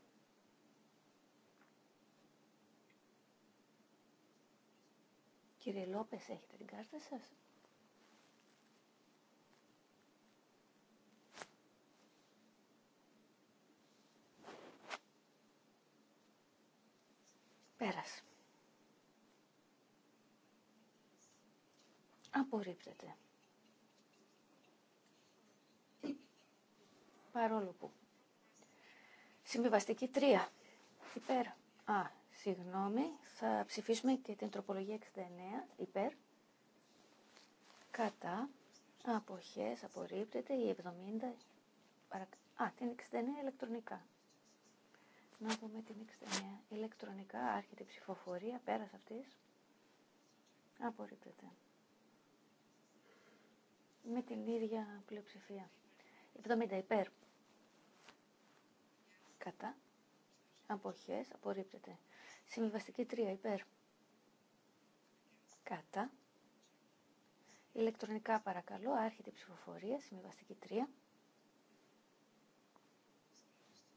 S3: Κύριε Λόπες, έχετε την κάρτα σας. απορρίπτεται. Παρόλο που. Συμβιβαστική 3. Υπέρ. Α, συγγνώμη. Θα ψηφίσουμε και την τροπολογία 69. Υπέρ. Κατά. Αποχές. Απορρίπτεται. Η 70. Παρακ... Α, την 69 ηλεκτρονικά. Να πούμε την 69. Ηλεκτρονικά άρχεται η ψηφοφορία πέρας αυτής. Απορρίπτεται με την ίδια πλειοψηφία. 70 υπέρ. Κατά. Αποχές. Απορρίπτεται. Συμβιβαστική 3 υπέρ. Κατά. Ηλεκτρονικά παρακαλώ. Άρχεται η ψηφοφορία. Συμβιβαστική 3.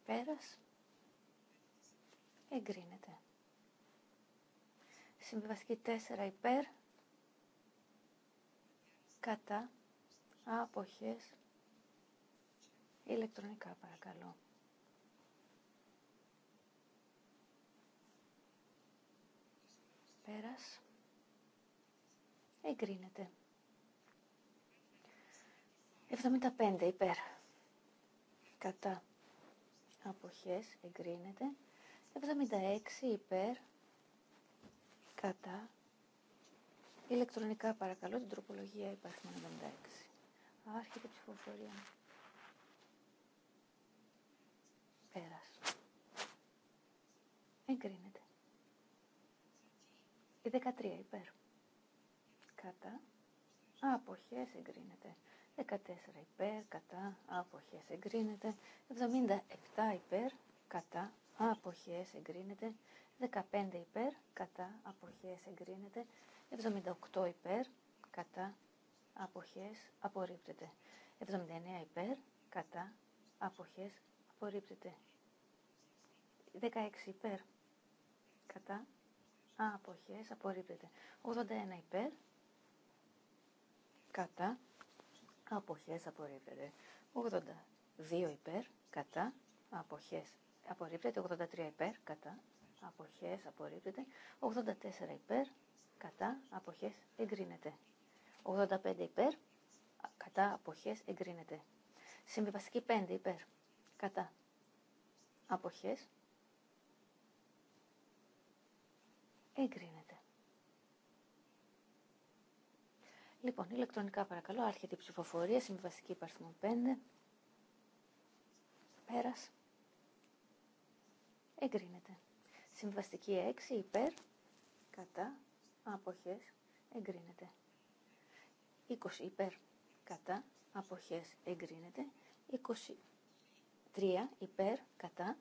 S3: Πέρας. Εγκρίνεται. Συμβιβαστική 4 υπέρ. Κατά αποχές ηλεκτρονικά παρακαλώ. Πέρας. Εγκρίνεται. 75 υπέρ. Κατά. Αποχές εγκρίνεται. 76 υπέρ. Κατά. Ηλεκτρονικά παρακαλώ την τροπολογία υπάρχει 76. Άρχεται η ψηφοφορία. Πέρας. Εγκρίνεται. Η 13 υπέρ. Κατά. Αποχές εγκρίνεται. 14 υπέρ. Κατά. Αποχές εγκρίνεται. 77 υπέρ. Κατά. Αποχές εγκρίνεται. 15 υπέρ. Κατά. Αποχές εγκρίνεται. 78 υπέρ. Κατά αποχές απορρίπτεται. 79 υπέρ, κατά, αποχές απορρίπτεται. 16 υπέρ, κατά, αποχές απορρίπτεται. 81 υπέρ, κατά, αποχές απορρίπτεται. 82 υπέρ, κατά, αποχές απορρίπτεται. 83 υπέρ, κατά, αποχές απορρίπτεται. 84 υπέρ, κατά, αποχές εγκρίνεται. 85 υπέρ, κατά αποχές εγκρίνεται. Συμβιβαστική 5 υπέρ, κατά αποχές εγκρίνεται. Λοιπόν, ηλεκτρονικά παρακαλώ, άρχεται η ψηφοφορία, συμβιβαστική υπαρθμό 5, πέρας, εγκρίνεται. Συμβαστική 6 υπέρ, κατά, αποχές, εγκρίνεται. 20 υπέρ κατά αποχές εγκρίνεται 23 ε, υπέρ κατά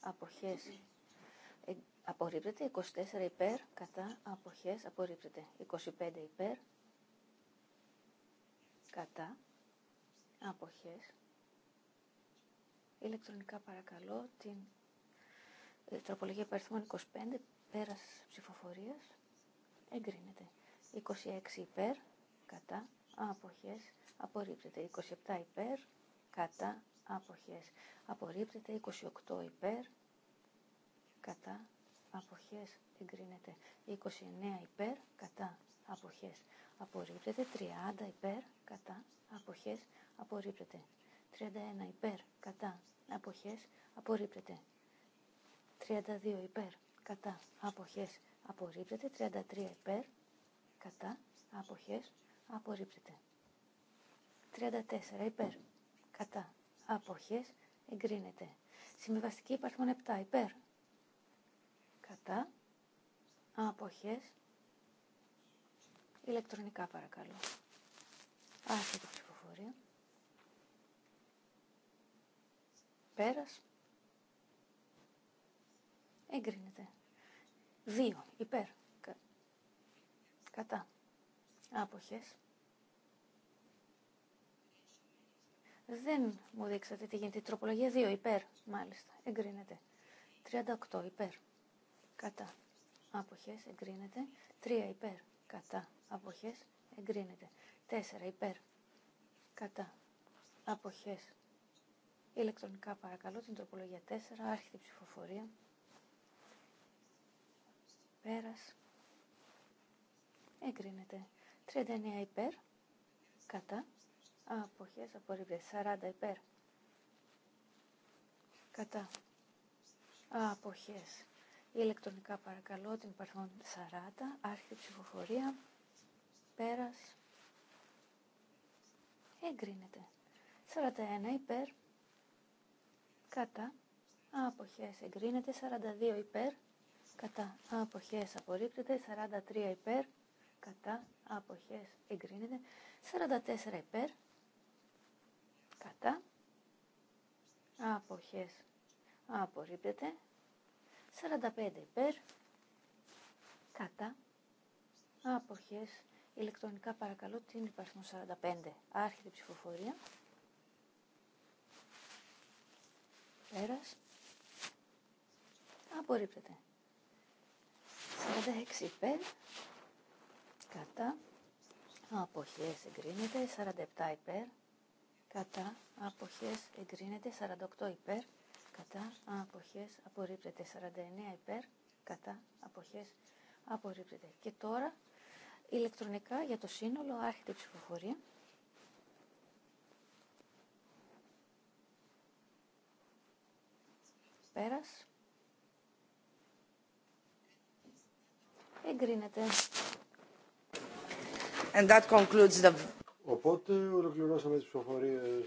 S3: αποχές απορρίπτεται 24 υπέρ κατά αποχές απορρίπτεται 25 υπέρ κατά αποχές ηλεκτρονικά παρακαλώ την ε, τροπολογία παριθμών 25 πέρας ψηφοφορίας εγκρίνεται 26 υπέρ κατά αποχές απορρίπτεται 27 υπέρ κατά αποχές απορρίπτεται 28 υπέρ κατά αποχές εγκρίνεται 29 υπέρ κατά αποχές απορρίπτεται 30 υπέρ κατά αποχές απορρίπτεται 31 υπέρ κατά αποχές απορρίπτεται 32 υπέρ κατά αποχές απορρίπτεται 33 υπέρ κατά αποχές απορρίπτεται. 34 υπέρ, κατά, αποχές, εγκρίνεται. Συμβιβαστική υπάρχουν 7 υπέρ, κατά, αποχές, ηλεκτρονικά παρακαλώ. Άρχεται η ψηφοφορία. Πέρας. Εγκρίνεται. 2 υπέρ, κατά Άποχες. Δεν μου δείξατε τι γίνεται. Η τροπολογία 2 υπέρ, μάλιστα. Εγκρίνεται. 38 υπέρ. Κατά. Άποχες. Εγκρίνεται. 3 υπέρ. Κατά. Άποχες. Εγκρίνεται. 4 υπέρ. Κατά. Άποχες. Ηλεκτρονικά παρακαλώ την τροπολογία 4. Άρχιτη ψηφοφορία. Πέρας. Εγκρίνεται. 39 υπέρ, κατά, αποχές απορρίπτεται. 40 υπέρ, κατά, αποχές. Ηλεκτρονικά παρακαλώ την παρθόν 40, άρχη ψηφοφορία, πέρας, εγκρίνεται. 41 υπέρ, κατά, αποχές εγκρίνεται. 42 υπέρ, κατά, αποχές απορρίπτεται. 43 υπέρ, κατά, αποχές, εγκρίνεται. 44 υπέρ, κατά, αποχές, απορρίπτεται. 45 υπέρ, κατά, αποχές, ηλεκτρονικά παρακαλώ την υπαρθμό 45. Άρχεται ψηφοφορία. Πέρας. Απορρίπτεται. 46 υπέρ, κατά αποχές εγκρίνεται 47 υπέρ κατά αποχές εγκρίνεται 48 υπέρ κατά αποχές απορρίπτεται 49 υπέρ κατά αποχές απορρίπτεται και τώρα ηλεκτρονικά για το σύνολο άρχεται η ψηφοφορία πέρας εγκρίνεται
S2: And that concludes the... Οπότε ολοκληρώσαμε τις ψηφοφορίες.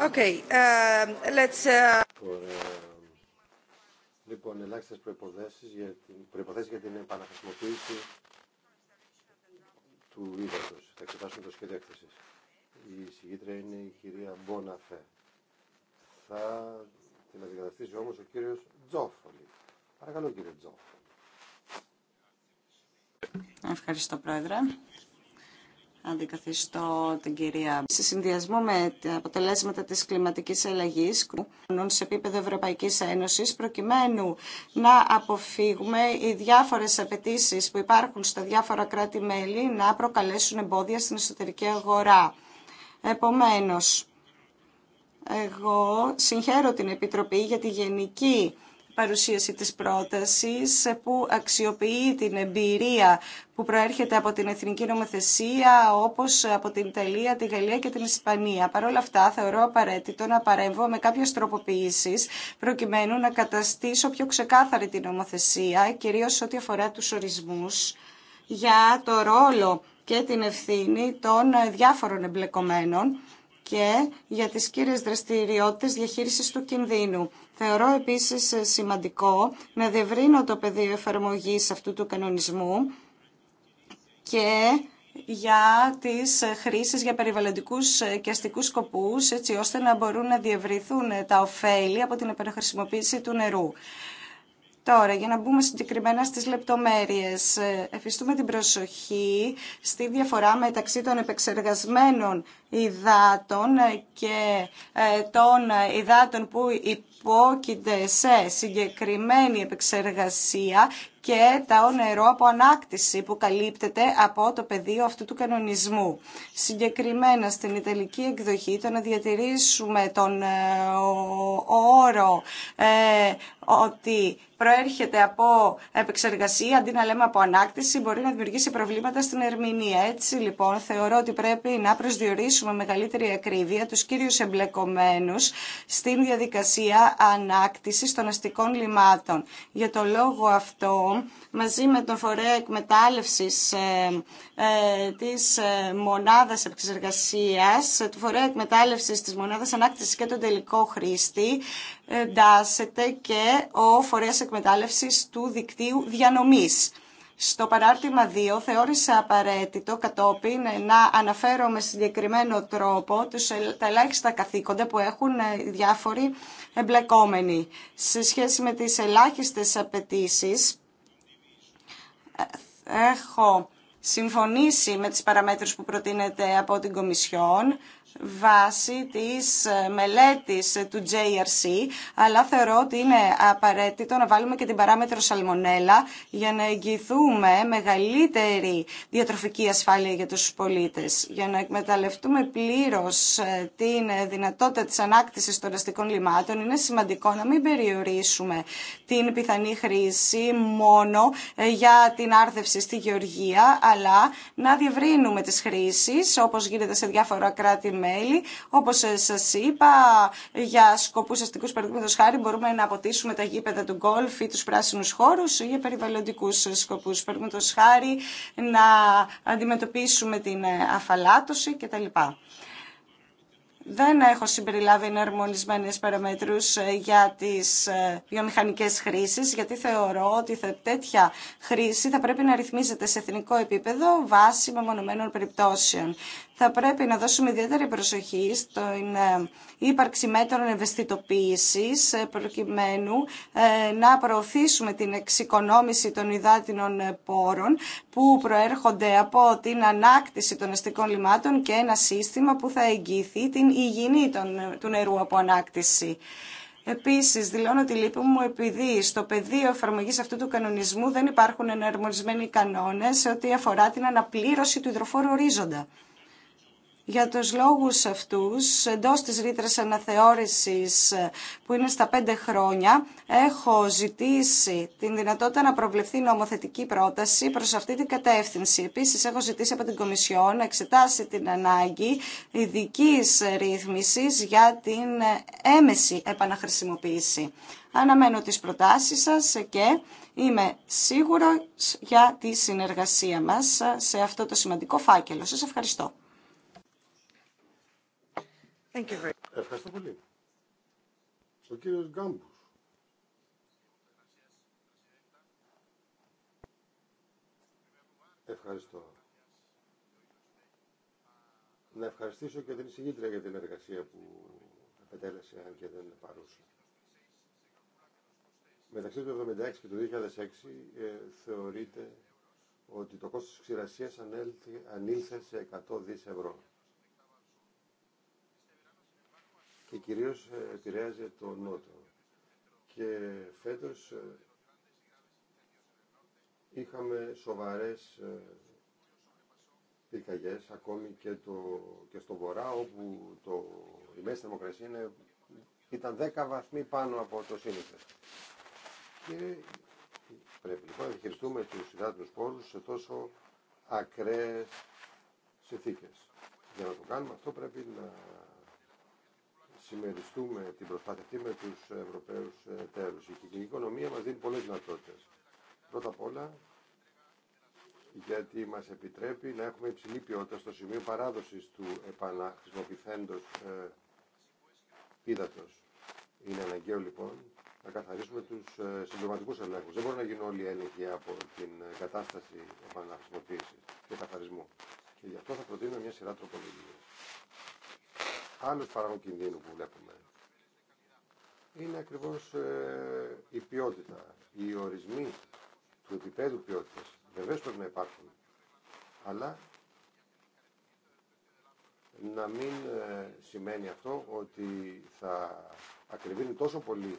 S2: Um,
S3: uh,
S2: λοιπόν, ελάχιστε προποθέσει για, προϋποθέσεις για την επαναχρησιμοποίηση του ύδατο. Θα εξετάσουμε το σχέδιο έκθεση. Η συγγήτρια είναι η κυρία Μπόναφε. Θα την αντικαταστήσει όμω ο κύριο Τζόφολη. Παρακαλώ, κύριε Τζόφολη.
S1: Ευχαριστώ, Πρόεδρε αντικαθιστώ την κυρία. Σε συνδυασμό με τα αποτελέσματα της κλιματικής αλλαγής σε επίπεδο Ευρωπαϊκής Ένωσης προκειμένου να αποφύγουμε οι διάφορες απαιτήσει που υπάρχουν στα διάφορα κράτη-μέλη να προκαλέσουν εμπόδια στην εσωτερική αγορά. Επομένως, εγώ συγχαίρω την Επιτροπή για τη γενική παρουσίαση της πρότασης που αξιοποιεί την εμπειρία που προέρχεται από την εθνική νομοθεσία όπως από την Ιταλία, τη Γαλλία και την Ισπανία. Παρ' όλα αυτά θεωρώ απαραίτητο να παρέμβω με κάποιες τροποποιήσεις προκειμένου να καταστήσω πιο ξεκάθαρη την νομοθεσία κυρίως ό,τι αφορά τους ορισμούς για το ρόλο και την ευθύνη των διάφορων εμπλεκομένων και για τις κύριες δραστηριότητες διαχείρισης του κινδύνου. Θεωρώ επίσης σημαντικό να διευρύνω το πεδίο εφαρμογής αυτού του κανονισμού και για τις χρήσεις για περιβαλλοντικούς και αστικούς σκοπούς, έτσι ώστε να μπορούν να διευρυθούν τα ωφέλη από την επαναχρησιμοποίηση του νερού. Τώρα, για να μπούμε συγκεκριμένα στις λεπτομέρειες, εφιστούμε την προσοχή στη διαφορά μεταξύ των επεξεργασμένων υδάτων ε, και ε, των υδάτων που υπόκειται σε συγκεκριμένη επεξεργασία και τα νερό από ανάκτηση που καλύπτεται από το πεδίο αυτού του κανονισμού. Συγκεκριμένα στην Ιταλική εκδοχή το να διατηρήσουμε τον ε, όρο ότι προέρχεται από επεξεργασία αντί να λέμε από ανάκτηση μπορεί να δημιουργήσει προβλήματα στην ερμηνεία. Έτσι λοιπόν θεωρώ ότι πρέπει να προσδιορίσουμε μεγαλύτερη ακρίβεια τους κύριους εμπλεκομένους στην διαδικασία ανάκτησης των αστικών λιμάτων. Για το λόγο αυτό μαζί με τον φορέα εκμετάλλευσης ε, ε, της ε, μονάδας επεξεργασίας, του φορέα εκμετάλλευσης της μονάδας ανάκτησης και τον τελικό χρήστη, εντάσσεται και ο φορέας εκμετάλλευσης του δικτύου διανομής. Στο παράρτημα 2 θεώρησα απαραίτητο κατόπιν να αναφέρω με συγκεκριμένο τρόπο τους, τα ελάχιστα καθήκοντα που έχουν διάφοροι εμπλεκόμενοι. Σε σχέση με τις ελάχιστες απαιτήσει ε, ε, έχω συμφωνήσει με τις παραμέτρους που προτείνεται από την Κομισιόν βάσει της ε, μελέτης ε, του JRC, αλλά θεωρώ ότι είναι απαραίτητο να βάλουμε και την παράμετρο σαλμονέλα για να εγγυηθούμε μεγαλύτερη διατροφική ασφάλεια για τους πολίτες, για να εκμεταλλευτούμε πλήρως ε, την δυνατότητα της ανάκτησης των αστικών λιμάτων. Είναι σημαντικό να μην περιορίσουμε την πιθανή χρήση μόνο για την άρδευση στη γεωργία, αλλά να διευρύνουμε τις χρήσεις όπως γίνεται σε διάφορα κράτη-μέλη. Όπως ε, σας είπα, για σκοπούς αστικούς παραδείγματος χάρη μπορούμε να αποτίσουμε τα γήπεδα του γκολφ ή τους πράσινους χώρους ή για περιβαλλοντικούς σκοπούς παραδείγματος χάρη να αντιμετωπίσουμε την ε, αφαλάτωση κτλ δεν έχω συμπεριλάβει εναρμονισμένε παραμέτρους ε, για τι ε, βιομηχανικέ χρήσει, γιατί θεωρώ ότι τέτοια χρήση θα πρέπει να ρυθμίζεται σε εθνικό επίπεδο βάσει μεμονωμένων περιπτώσεων. Θα πρέπει να δώσουμε ιδιαίτερη προσοχή στην ε, ύπαρξη μέτρων ευαισθητοποίηση, προκειμένου να προωθήσουμε την εξοικονόμηση των υδάτινων πόρων που προέρχονται από την ανάκτηση των αστικών λιμάτων και ένα σύστημα που θα εγγυηθεί την υγιεινή του νερού από ανάκτηση. Επίση, δηλώνω τη λύπη μου επειδή στο πεδίο εφαρμογή αυτού του κανονισμού δεν υπάρχουν εναρμονισμένοι κανόνες σε ό,τι αφορά την αναπλήρωση του υδροφόρου ορίζοντα. Για τους λόγους αυτούς, εντός της ρήτρας αναθεώρησης που είναι στα πέντε χρόνια, έχω ζητήσει την δυνατότητα να προβλεφθεί νομοθετική πρόταση προς αυτή την κατεύθυνση. Επίσης, έχω ζητήσει από την Κομισιόν να εξετάσει την ανάγκη ειδική ρύθμισης για την έμεση επαναχρησιμοποίηση. Αναμένω τις προτάσεις σας και είμαι σίγουρος για τη συνεργασία μας σε αυτό το σημαντικό φάκελο. Σας ευχαριστώ.
S2: Ευχαριστώ πολύ. Ο κύριο Γκάμπου Ευχαριστώ. Να ευχαριστήσω και την συγκίτρια για την εργασία που επετέλεσε, αν και δεν είναι παρούσα. Μεταξύ του 1976 και του 2006 ε, θεωρείται ότι το κόστος της ξηρασίας ανήλθε σε 100 δις ευρώ. και κυρίως ε, επηρέαζε το Νότο. Και φέτος ε, είχαμε σοβαρές ε, πυρκαγιές ακόμη και, το, και στο βορρά όπου το, η μέση θερμοκρασία είναι, ήταν 10 βαθμοί πάνω από το σύνηθε. Και πρέπει λοιπόν να διαχειριστούμε τους υδάτινους πόρους σε τόσο ακραίες συνθήκες. Για να το κάνουμε αυτό πρέπει να συμμεριστούμε την προσπάθεια αυτή με του ευρωπαίου ε, τέλου. Η κοινωνική οικονομία μα δίνει πολλέ δυνατότητε. Πρώτα απ' όλα γιατί μα επιτρέπει να έχουμε υψηλή ποιότητα στο σημείο παράδοση του επαναχρησιμοποιηθέντο ε, ύδατο. Είναι αναγκαίο λοιπόν να καθαρίσουμε του ε, συμπληρωματικού Δεν μπορεί να γίνουν όλοι οι έλεγχοι από την ε, κατάσταση επαναχρησιμοποίηση και καθαρισμού. Και γι' αυτό θα προτείνω μια σειρά τροπολογίων άλλο παράγον κινδύνου που βλέπουμε. Είναι ακριβώς ε, η ποιότητα, οι ορισμοί του επίπεδου ποιότητας. Βεβαίως πρέπει να υπάρχουν, αλλά να μην ε, σημαίνει αυτό ότι θα ακριβίνει τόσο πολύ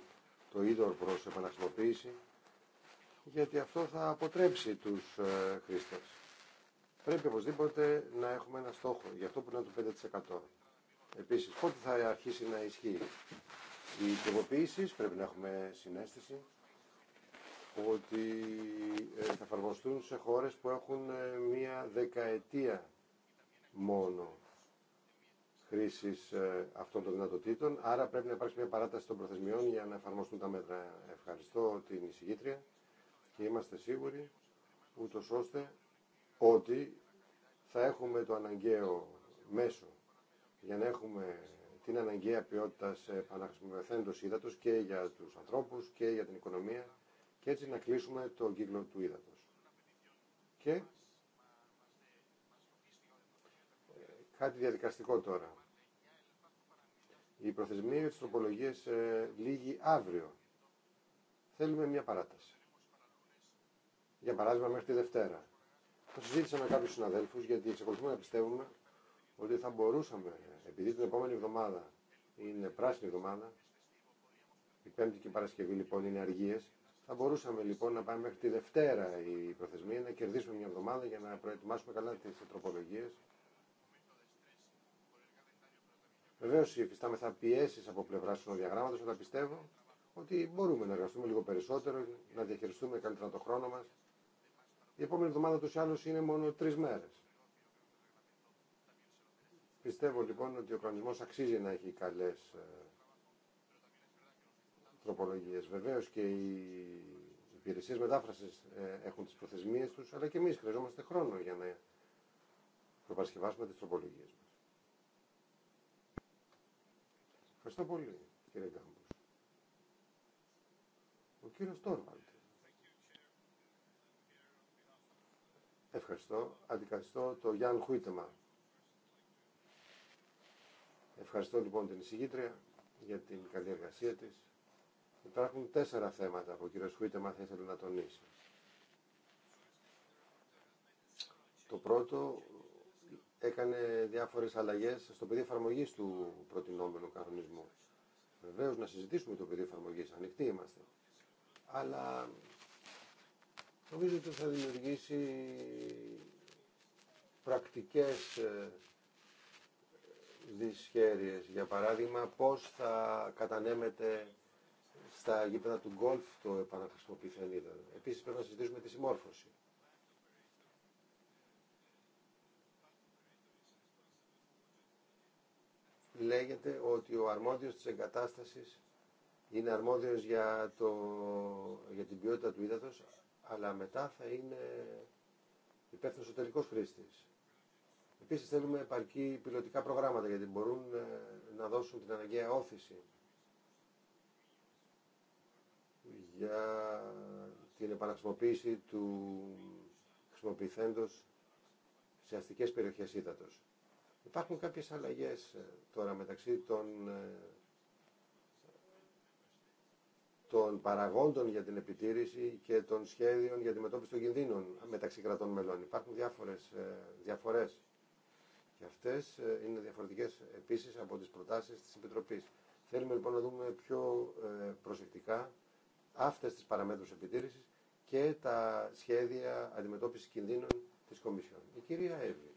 S2: το είδωρο προς επαναχρησιμοποίηση, γιατί αυτό θα αποτρέψει τους ε, χρήστες. Πρέπει οπωσδήποτε να έχουμε ένα στόχο, γι' αυτό που είναι το 5%. Επίσης, πότε θα αρχίσει να ισχύει. η τροποποίηση, πρέπει να έχουμε συνέστηση ότι ε, θα εφαρμοστούν σε χώρες που έχουν ε, μία δεκαετία μόνο χρήση ε, αυτών των δυνατοτήτων. Άρα πρέπει να υπάρξει μια δεκαετια μονο χρησης αυτων των προθεσμιών για να εφαρμοστούν τα μέτρα. Ευχαριστώ την εισηγήτρια και είμαστε σίγουροι ούτω ώστε ότι θα έχουμε το αναγκαίο μέσο για να έχουμε την αναγκαία ποιότητα σε επαναχρησιμοποιηθέντο ύδατο και για του ανθρώπου και για την οικονομία και έτσι να κλείσουμε τον κύκλο του ύδατο. Και ε, κάτι διαδικαστικό τώρα. Η προθεσμία για τι τροπολογίε ε, αύριο. Θέλουμε μια παράταση. Για παράδειγμα, μέχρι τη Δευτέρα. Το συζήτησα με κάποιου συναδέλφου γιατί εξακολουθούμε να πιστεύουμε ότι θα μπορούσαμε, επειδή την επόμενη εβδομάδα είναι πράσινη εβδομάδα, η Πέμπτη και η Παρασκευή λοιπόν είναι αργίε, θα μπορούσαμε λοιπόν να πάμε μέχρι τη Δευτέρα η προθεσμία, να κερδίσουμε μια εβδομάδα για να προετοιμάσουμε καλά τι τροπολογίε. Βεβαίω υφιστάμεθα πιέσει από πλευρά συνοδιαγράμματο, αλλά πιστεύω ότι μπορούμε να εργαστούμε λίγο περισσότερο, να διαχειριστούμε καλύτερα το χρόνο μα. Η επόμενη εβδομάδα του άλλου είναι μόνο τρει μέρε. Πιστεύω λοιπόν ότι ο οργανισμός αξίζει να έχει καλές ε, τροπολογίες. Βεβαίως και οι υπηρεσίε μετάφρασης ε, έχουν τις προθεσμίες τους, αλλά και εμείς χρειαζόμαστε χρόνο για να προπαρασκευάσουμε τις τροπολογίες μας. Ευχαριστώ πολύ, κύριε Γκάμπους. Ο κύριος Τόρβαλτ. Ευχαριστώ. Αντικαθιστώ το Γιάνν Χουίτεμα Ευχαριστώ λοιπόν την εισηγήτρια για την καλή εργασία της. Υπάρχουν τέσσερα θέματα που ο κύριος Χουίτεμα θα ήθελε να τονίσει. Το πρώτο έκανε διάφορες αλλαγές στο πεδίο εφαρμογή του προτινόμενου κανονισμού. Βεβαίω να συζητήσουμε το πεδίο εφαρμογή, ανοιχτοί είμαστε. Αλλά νομίζω ότι θα δημιουργήσει πρακτικές ε, δυσχέρειες. Για παράδειγμα, πώς θα κατανέμεται στα γήπεδα του γκολφ το επαναχρησιμοποιηθέν Επίσης πρέπει να συζητήσουμε τη συμμόρφωση. Λέγεται ότι ο αρμόδιος της εγκατάστασης είναι αρμόδιος για, το, για την ποιότητα του ύδατος, αλλά μετά θα είναι υπεύθυνος ο τελικός χρήστης. Επίση, θέλουμε επαρκή πιλωτικά προγράμματα γιατί μπορούν ε, να δώσουν την αναγκαία όθηση για την επαναχρησιμοποίηση του χρησιμοποιηθέντο σε αστικές περιοχές ύδατο. Υπάρχουν κάποιες αλλαγέ ε, τώρα μεταξύ των, ε, των παραγόντων για την επιτήρηση και των σχέδιων για τη μετώπιση των κινδύνων μεταξύ κρατών μελών. Υπάρχουν διάφορες διαφορές και αυτέ ε, είναι διαφορετικέ επίση από τις προτάσεις της Επιτροπής. Θέλουμε λοιπόν να δούμε πιο ε, προσεκτικά αυτέ τις παραμέτρους επιτήρηση και τα σχέδια αντιμετώπισης κινδύνων της Κομισιόν. Η κυρία Εύη.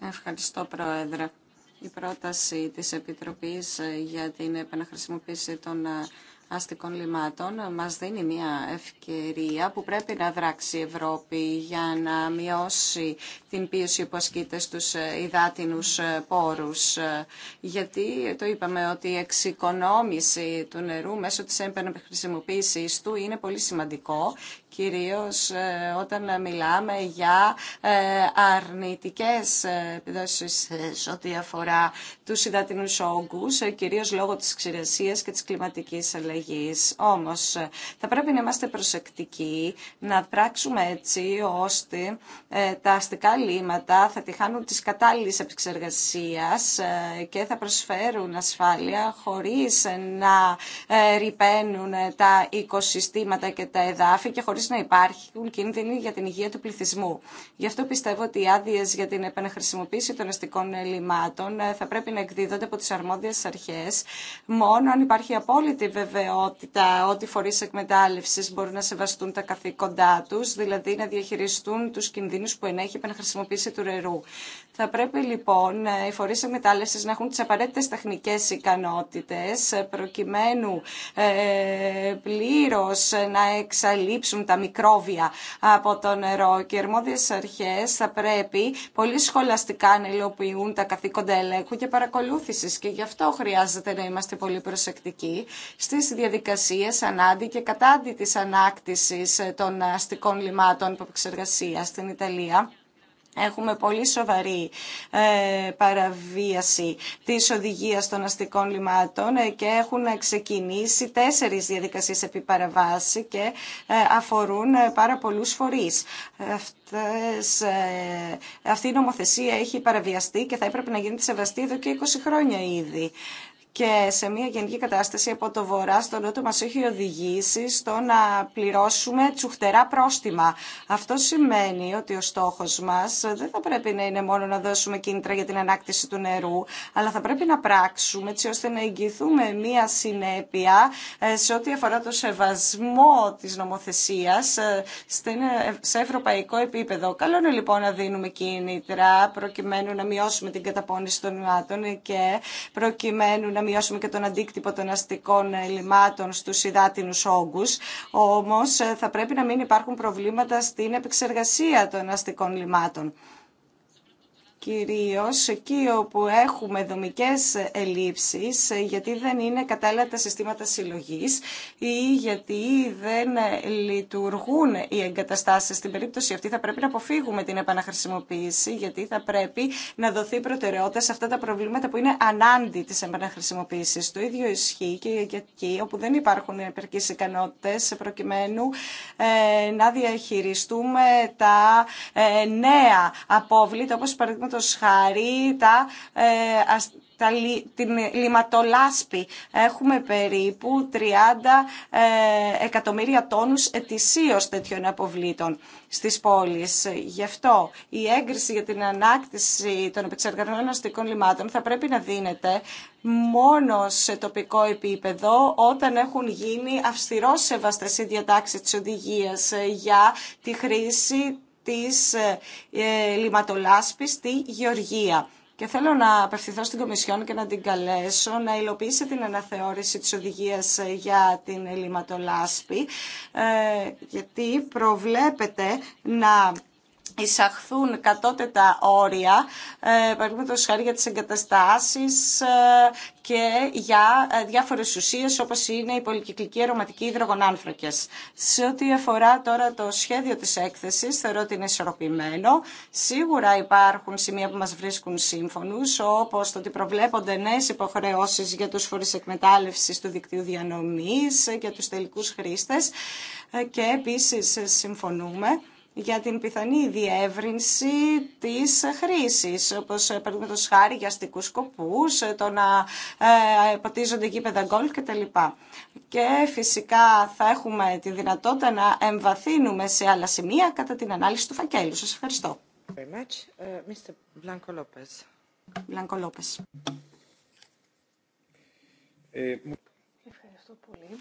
S1: Ευχαριστώ Πρόεδρε. Η πρόταση της Επιτροπής ε, για την επαναχρησιμοποίηση των αστικών λιμάτων μας δίνει μια ευκαιρία που πρέπει να δράξει η Ευρώπη για να μειώσει την πίεση που ασκείται στους υδάτινους πόρους. Γιατί το είπαμε ότι η εξοικονόμηση του νερού μέσω της έμπαινας χρησιμοποίησης του είναι πολύ σημαντικό κυρίως ε, όταν μιλάμε για ε, αρνητικές επιδόσεις ό,τι αφορά τους υδατινούς όγκους, ε, κυρίως λόγω της ξηρασίας και της κλιματικής αλλαγής. Όμως, θα πρέπει να είμαστε προσεκτικοί, να πράξουμε έτσι ώστε τα αστικά λίματα θα τυχάνουν της κατάλληλης επεξεργασίας και θα προσφέρουν ασφάλεια χωρίς να ρηπαίνουν τα οικοσυστήματα και τα εδάφη και χωρίς να υπάρχουν κίνδυνοι για την υγεία του πληθυσμού. Γι' αυτό πιστεύω ότι οι άδειε για την επαναχρησιμοποίηση των αστικών λιμάτων ε, θα πρέπει να εκδίδονται από τις αρμόδιες αρχές μόνο αν υπάρχει απόλυτη βεβαιότητα ότι οι φορείς εκμετάλλευσης μπορούν να σεβαστούν τα καθήκοντά τους, δηλαδή να διαχειριστούν τους κινδύνους που ενέχει η επαναχρησιμοποίηση του ρερού. Θα πρέπει λοιπόν οι φορείς εκμετάλλευσης να έχουν τις απαραίτητες τεχνικές ικανότητες προκειμένου ε, πλήρως να εξαλείψουν τα μικρόβια από το νερό και οι αρμόδιες αρχές θα πρέπει πολύ σχολαστικά να υλοποιούν τα καθήκοντα ελέγχου και παρακολούθησης και γι' αυτό χρειάζεται να είμαστε πολύ προσεκτικοί στις διαδικασίες ανάντι και κατάντι της ανάκτησης των αστικών λιμάτων από στην Ιταλία Έχουμε πολύ σοβαρή ε, παραβίαση της οδηγίας των αστικών λιμάτων ε, και έχουν ξεκινήσει τέσσερις διαδικασίες επί παραβάση και ε, αφορούν πάρα πολλούς φορείς. αυτή η νομοθεσία έχει παραβιαστεί και θα έπρεπε να γίνεται σεβαστή εδώ και 20 χρόνια ήδη και σε μια γενική κατάσταση από το βορρά στο νότο μας έχει οδηγήσει στο να πληρώσουμε τσουχτερά πρόστιμα. Αυτό σημαίνει ότι ο στόχος μας δεν θα πρέπει να είναι μόνο να δώσουμε κίνητρα για την ανάκτηση του νερού, αλλά θα πρέπει να πράξουμε έτσι ώστε να εγγυηθούμε μια συνέπεια ε, σε ό,τι αφορά το σεβασμό της νομοθεσίας ε, ε, σε ευρωπαϊκό επίπεδο. Καλό είναι λοιπόν να δίνουμε κίνητρα προκειμένου να μειώσουμε την καταπώνηση των μάτων και προκειμένου να μειώσουμε και τον αντίκτυπο των αστικών ε, λιμάτων στους υδάτινους όγκους, όμως ε, θα πρέπει να μην υπάρχουν προβλήματα στην επεξεργασία των αστικών λιμάτων κυρίως εκεί όπου έχουμε δομικές ελλείψεις γιατί δεν είναι κατάλληλα τα συστήματα συλλογής ή γιατί δεν λειτουργούν οι εγκαταστάσεις. Στην περίπτωση αυτή θα πρέπει να αποφύγουμε την επαναχρησιμοποίηση γιατί θα πρέπει να δοθεί προτεραιότητα σε αυτά τα προβλήματα που είναι ανάντι της επαναχρησιμοποίησης. Το ίδιο ισχύει και εκεί όπου δεν υπάρχουν επαρκείς ικανότητες προκειμένου ε, να διαχειριστούμε τα ε, νέα απόβλητα όπως παραδείγματο το χάρη τα, ε, τα, την λιματολάσπη. Έχουμε περίπου 30 ε, εκατομμύρια τόνους ετησίως τέτοιων αποβλήτων στις πόλεις. Γι' αυτό η έγκριση για την ανάκτηση των επεξεργασμένων αστικών λιμάτων θα πρέπει να δίνεται μόνο σε τοπικό επίπεδο όταν έχουν γίνει αυστηρό σεβαστές οι διατάξεις της οδηγίας ε, για τη χρήση της ε, ε, λιματολάσπης στη Γεωργία. Και θέλω να απευθυνθώ στην Κομισιόν και να την καλέσω να υλοποιήσει την αναθεώρηση της οδηγίας ε, για την λιματολάσπη, γιατί προβλέπεται να εισαχθούν κατώτετα όρια, ε, παραδείγματο χάρη για τις εγκαταστάσεις ε, και για ε, διάφορες ουσίες όπως είναι η πολυκυκλική αρωματική υδρογονάνθρακες. Σε ό,τι αφορά τώρα το σχέδιο της έκθεσης, θεωρώ ότι είναι ισορροπημένο. Σίγουρα υπάρχουν σημεία που μας βρίσκουν σύμφωνους, όπως το ότι προβλέπονται νέες υποχρεώσεις για τους φορείς εκμετάλλευσης του δικτύου διανομής και τους τελικούς χρήστες και επίσης συμφωνούμε για την πιθανή διεύρυνση της χρήσης, όπως ε, το χάρη για αστικούς σκοπούς, ε, το να ε, ποτίζονται γήπεδα γκολ κτλ. Και φυσικά θα έχουμε τη δυνατότητα να εμβαθύνουμε σε άλλα σημεία κατά την ανάλυση του φακέλου. Σας ευχαριστώ. Ευχαριστώ
S3: πολύ.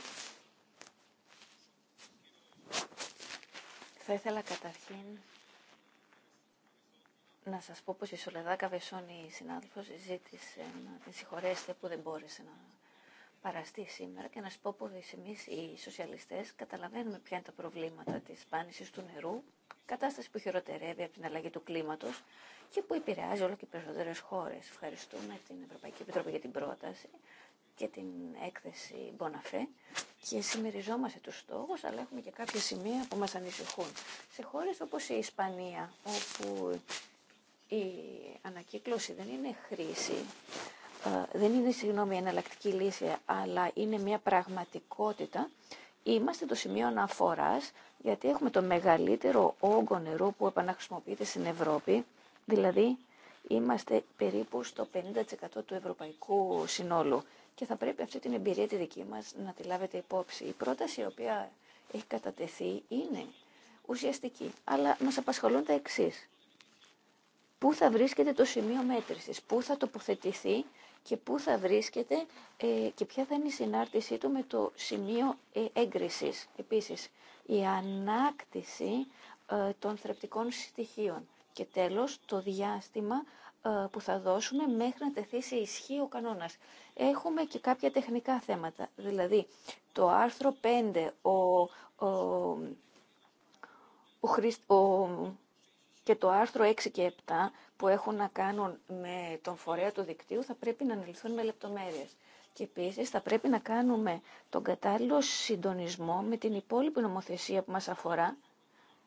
S3: Θα ήθελα καταρχήν να σας πω πως η Σολεδά Καβεσόνη, η συνάδελφος, ζήτησε να την συγχωρέσετε που δεν μπόρεσε να παραστεί σήμερα και να σας πω πως εμείς οι σοσιαλιστές καταλαβαίνουμε ποια είναι τα προβλήματα της πάνησης του νερού, κατάσταση που χειροτερεύει από την αλλαγή του κλίματος και που επηρεάζει όλο και περισσότερες χώρες. Ευχαριστούμε την Ευρωπαϊκή Επιτροπή για την πρόταση και την έκθεση Μποναφέ και συμμεριζόμαστε τους στόχους, αλλά έχουμε και κάποια σημεία που μας ανησυχούν. Σε χώρες όπως η Ισπανία, όπου η ανακύκλωση δεν είναι χρήση, ε, δεν είναι συγγνώμη εναλλακτική λύση, αλλά είναι μια πραγματικότητα, Είμαστε το σημείο αναφοράς γιατί έχουμε το μεγαλύτερο όγκο νερού που επαναχρησιμοποιείται στην Ευρώπη, δηλαδή είμαστε περίπου στο 50% του ευρωπαϊκού συνόλου και θα πρέπει αυτή την εμπειρία τη δική μας να τη λάβετε υπόψη. Η πρόταση η οποία έχει κατατεθεί είναι ουσιαστική, αλλά μας απασχολούν τα εξή. Πού θα βρίσκεται το σημείο μέτρησης, πού θα τοποθετηθεί και πού θα βρίσκεται ε, και ποια θα είναι η συνάρτησή του με το σημείο ε, έγκρισης. Επίσης, η ανάκτηση ε, των θρεπτικών στοιχείων και τέλος το διάστημα ε, που θα δώσουμε μέχρι να τεθεί σε ισχύ ο κανόνας. Έχουμε και κάποια τεχνικά θέματα. Δηλαδή, το άρθρο 5, ο, ο, ο, ο και το άρθρο 6 και 7 που έχουν να κάνουν με τον φορέα του δικτύου θα πρέπει να αναλυθούν με λεπτομέρειες. Και επίσης θα πρέπει να κάνουμε τον κατάλληλο συντονισμό με την υπόλοιπη νομοθεσία που μας αφορά,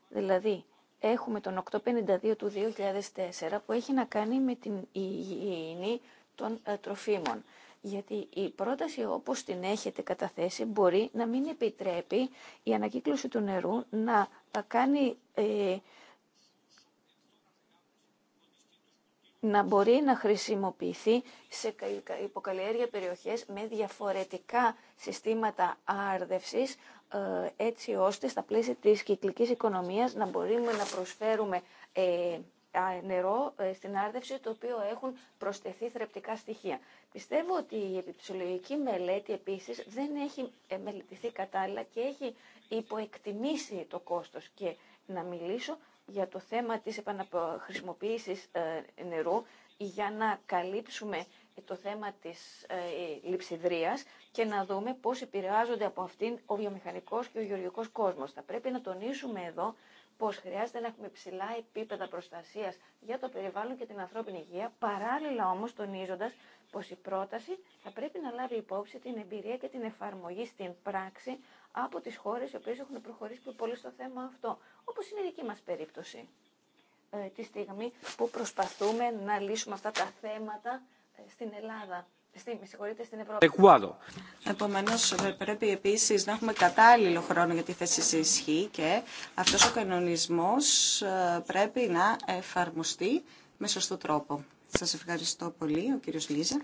S3: δηλαδή έχουμε τον 852 του 2004 που έχει να κάνει με την υγιεινή των ε, τροφίμων. Γιατί η πρόταση όπως την έχετε καταθέσει μπορεί να μην επιτρέπει η ανακύκλωση του νερού να κάνει ε, να μπορεί να χρησιμοποιηθεί σε υποκαλλιέργεια περιοχές με διαφορετικά συστήματα άρδευσης ε, έτσι ώστε στα πλαίσια της κυκλικής οικονομίας να μπορούμε να προσφέρουμε ε, νερό ε, στην άρδευση το οποίο έχουν προσθεθεί θρεπτικά στοιχεία. Πιστεύω ότι η επιψηλογική μελέτη επίσης δεν έχει μελετηθεί κατάλληλα και έχει υποεκτιμήσει το κόστος και να μιλήσω για το θέμα της επαναχρησιμοποίησης νερού για να καλύψουμε ε, το θέμα της ε, λειψιδρίας και να δούμε πώς επηρεάζονται από αυτήν ο βιομηχανικός και ο γεωργικός κόσμος. Θα πρέπει να τονίσουμε εδώ πως χρειάζεται να έχουμε ψηλά επίπεδα προστασίας για το περιβάλλον και την ανθρώπινη υγεία, παράλληλα όμως τονίζοντας πως η πρόταση θα πρέπει να λάβει υπόψη την εμπειρία και την εφαρμογή στην πράξη από τις χώρες οι οποίες έχουν προχωρήσει πιο πολύ στο θέμα αυτό, όπως είναι η δική μας περίπτωση ε, τη στιγμή που προσπαθούμε να λύσουμε αυτά τα θέματα στην Ελλάδα. στην Ευρώπη.
S1: Επομένω, πρέπει επίση να έχουμε κατάλληλο χρόνο για τη θέση σε ισχύ και αυτό ο κανονισμό ε, πρέπει να εφαρμοστεί με σωστό τρόπο. Σα ευχαριστώ πολύ, ο κύριο Λίζα.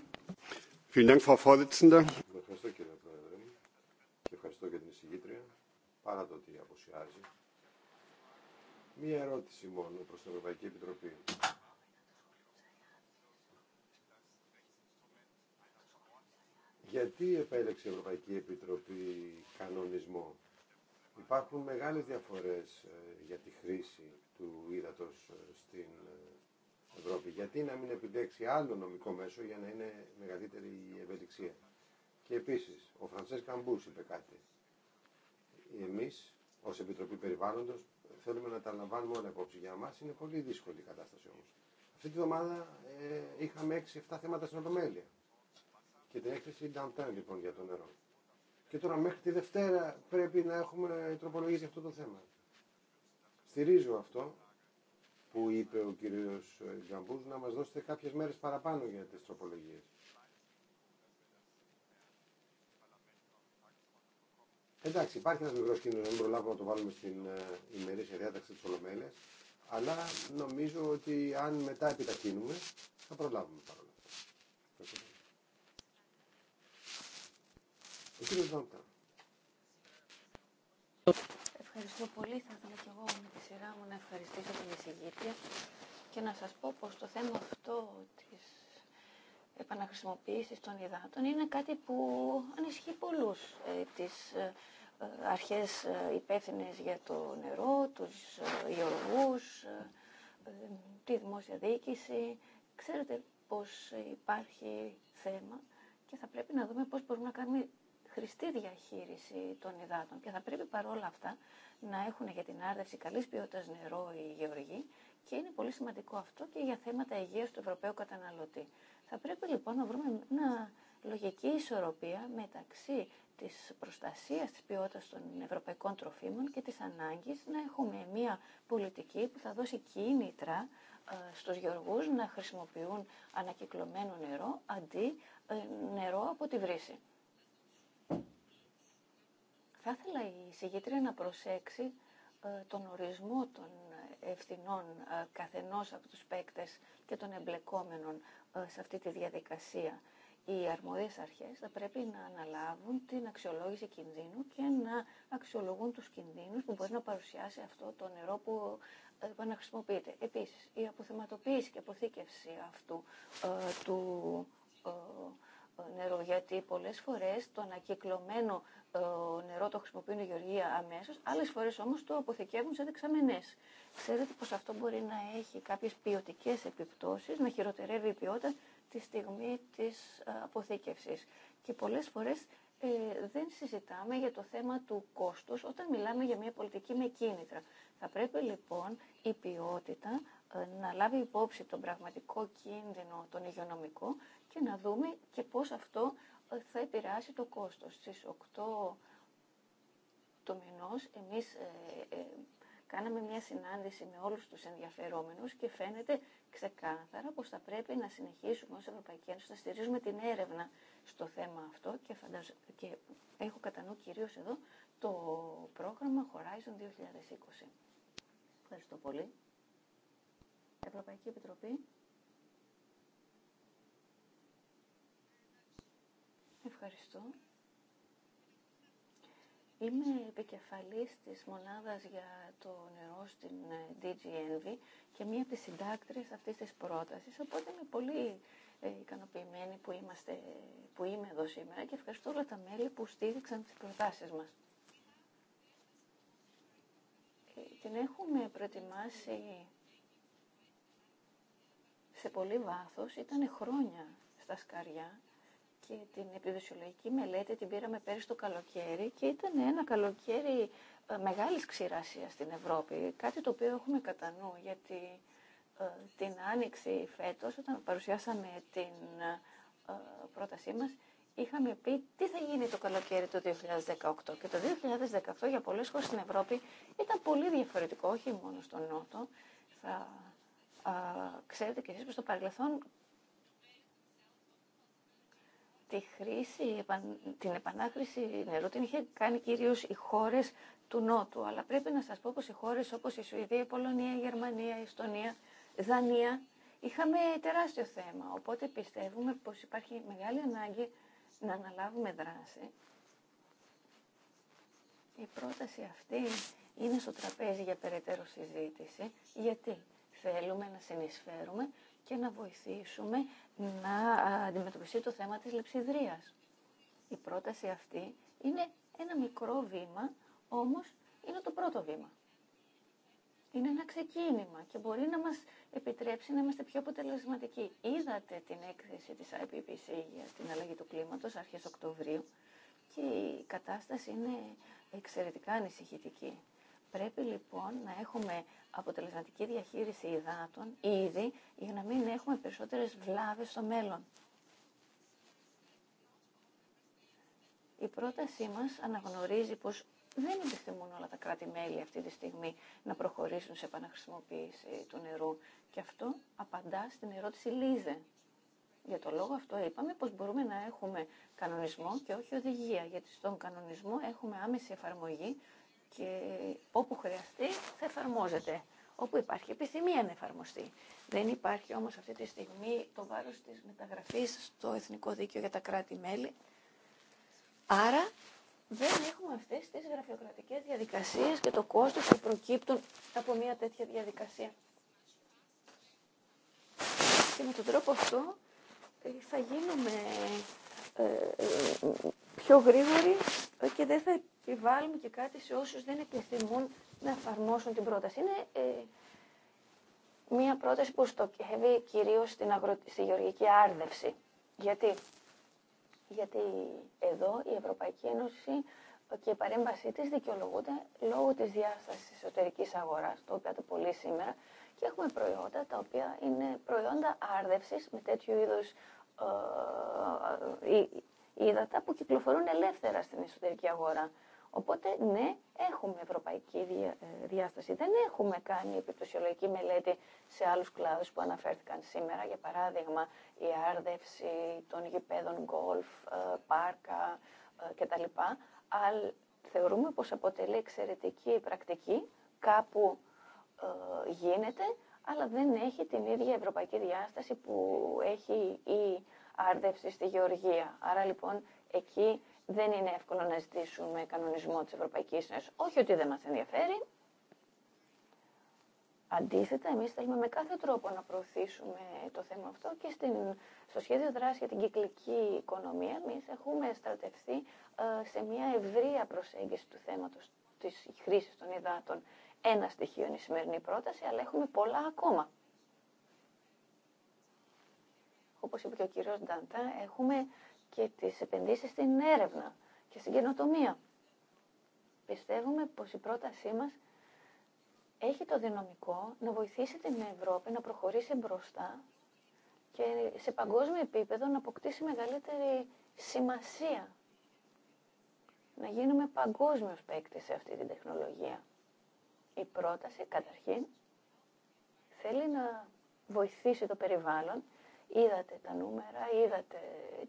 S2: Ευχαριστώ, κύριε Πρόεδρε, και ευχαριστώ και την εισηγήτρια, παρά το ότι αποσιάζει. Μία ερώτηση μόνο προ την Ευρωπαϊκή Επιτροπή. Γιατί επέλεξε η Ευρωπαϊκή Επιτροπή κανονισμό. Υπάρχουν μεγάλες διαφορές ε, για τη χρήση του ύδατος ε, στην ε, Ευρώπη. Γιατί να μην επιλέξει άλλο νομικό μέσο για να είναι μεγαλύτερη η ευελιξία. Και επίσης, ο Φραντσές Καμπούς είπε κάτι. Εμείς, ως Επιτροπή Περιβάλλοντος, θέλουμε να τα λαμβάνουμε όλα υπόψη. Για μας είναι πολύ δύσκολη η κατάσταση όμως. Αυτή τη βδομάδα ε, είχαμε 6-7 θέματα στην Ολομέλεια και την έκθεση downtown λοιπόν για το νερό. Και τώρα μέχρι τη Δευτέρα πρέπει να έχουμε τροπολογήσει για αυτό το θέμα. Στηρίζω αυτό που είπε ο κύριος ε, Γκαμπούς να μας δώσετε κάποιες μέρες παραπάνω για τις τροπολογίες. Εντάξει, υπάρχει ένα μικρό κίνδυνος, δεν μην να το βάλουμε στην ε, ημερήσια διάταξη της Ολομέλειας, αλλά νομίζω ότι αν μετά επιταχύνουμε θα προλάβουμε παρόλα αυτά. Ευχαριστώ
S3: πολύ. Θα ήθελα και εγώ με τη σειρά μου να ευχαριστήσω την εισηγήτρια και να σας πω πως το θέμα αυτό της επαναχρησιμοποίησης των υδάτων είναι κάτι που ανησυχεί πολλούς ε, τις ε, αρχές ε, υπεύθυνε για το νερό, τους ε, γεωργούς, τη δημόσια διοίκηση. Ξέρετε πως υπάρχει θέμα και θα πρέπει να δούμε πώς μπορούμε να κάνουμε χρηστή διαχείριση των υδάτων και θα πρέπει παρόλα αυτά να έχουν για την άρδευση καλή ποιότητα νερό οι γεωργοί και είναι πολύ σημαντικό αυτό και για θέματα υγείας του Ευρωπαίου καταναλωτή. Θα πρέπει λοιπόν να βρούμε μια λογική ισορροπία μεταξύ της προστασίας της ποιότητας των ευρωπαϊκών τροφίμων και της ανάγκης να έχουμε μια πολιτική που θα δώσει κίνητρα ε, στους γεωργούς να χρησιμοποιούν ανακυκλωμένο νερό αντί ε, νερό από τη βρύση. Θα ήθελα η συγγετρία να προσέξει ε, τον ορισμό των ευθυνών ε, καθενός από τους παίκτες και των εμπλεκόμενων ε, σε αυτή τη διαδικασία. Οι αρμόδιες αρχές θα πρέπει να αναλάβουν την αξιολόγηση κινδύνου και να αξιολογούν τους κινδύνους που μπορεί να παρουσιάσει αυτό το νερό που επαναχρησιμοποιείται. Επίσης, η αποθεματοποίηση και αποθήκευση αυτού του νερού, γιατί πολλές φορές το ανακυκλωμένο το νερό το χρησιμοποιούν οι γεωργοί αμέσως, άλλες φορές όμως το αποθηκεύουν σε δεξαμενές. Ξέρετε πως αυτό μπορεί να έχει κάποιες ποιοτικέ επιπτώσεις, να χειροτερεύει η ποιότητα τη στιγμή της ε, αποθήκευσης. Και πολλές φορές ε, δεν συζητάμε για το θέμα του κόστους όταν μιλάμε για μια πολιτική με κίνητρα. Θα πρέπει λοιπόν η ποιότητα ε, να λάβει υπόψη τον πραγματικό κίνδυνο, τον υγειονομικό και να δούμε και πώς αυτό θα επηρεάσει το κόστος. Στις 8 το μηνός εμείς ε, ε, κάναμε μια συνάντηση με όλους τους ενδιαφερόμενους και φαίνεται ξεκάθαρα πως θα πρέπει να συνεχίσουμε ως Ευρωπαϊκή Ένωση να στηρίζουμε την έρευνα στο θέμα αυτό και, φανταζ... και έχω κατά νου κυρίως εδώ το πρόγραμμα Horizon 2020. Ευχαριστώ πολύ. Ευρωπαϊκή Επιτροπή. Ευχαριστώ. Είμαι επικεφαλής της μονάδας για το νερό στην ε, DGNV και μία από τις συντάκτρες αυτής της πρότασης, οπότε είμαι πολύ ε, ικανοποιημένη που, είμαστε, που είμαι εδώ σήμερα και ευχαριστώ όλα τα μέλη που στήριξαν τις προτάσεις μας. Ε, την έχουμε προετοιμάσει σε πολύ βάθος, ήταν χρόνια στα σκαριά και την επιδοσιολογική μελέτη την πήραμε πέρυσι το καλοκαίρι και ήταν ένα καλοκαίρι ε, μεγάλης ξηρασίας στην Ευρώπη, κάτι το οποίο έχουμε κατά νου, γιατί ε, την Άνοιξη φέτος, όταν παρουσιάσαμε την ε, πρότασή μας, είχαμε πει τι θα γίνει το καλοκαίρι το 2018. Και το 2018 για πολλές χώρες στην Ευρώπη ήταν πολύ διαφορετικό, όχι μόνο στον Νότο. Θα, ξέρετε και εσείς πως στο παρελθόν τη χρήση, την επανάχρηση νερού την είχε κάνει κυρίως οι χώρες του Νότου. Αλλά πρέπει να σας πω πως οι χώρες όπως η Σουηδία, η Πολωνία, η Γερμανία, η Εστονία, Δανία, είχαμε τεράστιο θέμα. Οπότε πιστεύουμε πως υπάρχει μεγάλη ανάγκη να αναλάβουμε δράση. Η πρόταση αυτή είναι στο τραπέζι για περαιτέρω συζήτηση, γιατί θέλουμε να συνεισφέρουμε και να βοηθήσουμε να αντιμετωπιστεί το θέμα της λεψιδρίας. Η πρόταση αυτή είναι ένα μικρό βήμα, όμως είναι το πρώτο βήμα. Είναι ένα ξεκίνημα και μπορεί να μας επιτρέψει να είμαστε πιο αποτελεσματικοί. Είδατε την έκθεση της IPPC για την αλλαγή του κλίματος αρχές Οκτωβρίου και η κατάσταση είναι εξαιρετικά ανησυχητική. Πρέπει λοιπόν να έχουμε αποτελεσματική διαχείριση υδάτων ήδη για να μην έχουμε περισσότερες βλάβες στο μέλλον. Η πρότασή μας αναγνωρίζει πως δεν επιθυμούν όλα τα κράτη-μέλη αυτή τη στιγμή να προχωρήσουν σε επαναχρησιμοποίηση του νερού. Και αυτό απαντά στην ερώτηση Λίζε. Για το λόγο αυτό είπαμε πως μπορούμε να έχουμε κανονισμό και όχι οδηγία, γιατί στον κανονισμό έχουμε άμεση εφαρμογή και όπου χρειαστεί θα εφαρμόζεται. Όπου υπάρχει επιθυμία να εφαρμοστεί. Δεν υπάρχει όμως αυτή τη στιγμή το βάρος της μεταγραφής στο Εθνικό Δίκαιο για τα κράτη-μέλη. Άρα δεν έχουμε αυτές τις γραφειοκρατικές διαδικασίες και το κόστος που προκύπτουν από μια τέτοια διαδικασία. Και με τον τρόπο αυτό ε, θα γίνουμε ε, ε, πιο γρήγοροι ε, και δεν θα επιβάλλουμε και κάτι σε όσους δεν επιθυμούν να εφαρμόσουν την πρόταση. Είναι ε, μία πρόταση που στοχεύει κυρίως στην αγρο... γεωργική άρδευση. Γιατί? Γιατί εδώ η Ευρωπαϊκή Ένωση ε, και η παρέμβασή της δικαιολογούνται λόγω της διάστασης εσωτερικής αγοράς, το οποίο το πολύ σήμερα, και έχουμε προϊόντα τα οποία είναι προϊόντα άρδευσης με τέτοιου είδους ύδατα που κυκλοφορούν ελεύθερα στην εσωτερική αγορά. Οπότε, ναι, έχουμε ευρωπαϊκή ε, διάσταση. Δεν έχουμε κάνει επιπτωσιολογική μελέτη σε άλλους κλάδους που αναφέρθηκαν σήμερα. Για παράδειγμα, η άρδευση των γηπέδων γκολφ, ε, πάρκα ε, κτλ. Αλλά θεωρούμε πως αποτελεί εξαιρετική πρακτική. Κάπου γίνεται, αλλά δεν έχει την ίδια ευρωπαϊκή διάσταση που έχει η άρδευση στη γεωργία. Άρα λοιπόν εκεί δεν είναι εύκολο να ζητήσουμε κανονισμό της Ευρωπαϊκής Ένωσης. Όχι ότι δεν μας ενδιαφέρει. Αντίθετα, εμείς θέλουμε με κάθε τρόπο να προωθήσουμε το θέμα αυτό και στην, στο σχέδιο δράση για την κυκλική οικονομία εμείς έχουμε στρατευθεί ε, σε μια ευρεία προσέγγιση του θέματος της χρήσης των υδάτων. Ένα στοιχείο είναι η σημερινή πρόταση, αλλά έχουμε πολλά ακόμα όπως είπε και ο κύριος Ντάντα, έχουμε και τις επενδύσεις στην έρευνα και στην καινοτομία. Πιστεύουμε πως η πρότασή μας έχει το δυναμικό να βοηθήσει την Ευρώπη να προχωρήσει μπροστά και σε παγκόσμιο επίπεδο να αποκτήσει μεγαλύτερη σημασία. Να γίνουμε παγκόσμιος παίκτη σε αυτή την τεχνολογία. Η πρόταση, καταρχήν, θέλει να βοηθήσει το περιβάλλον είδατε τα νούμερα, είδατε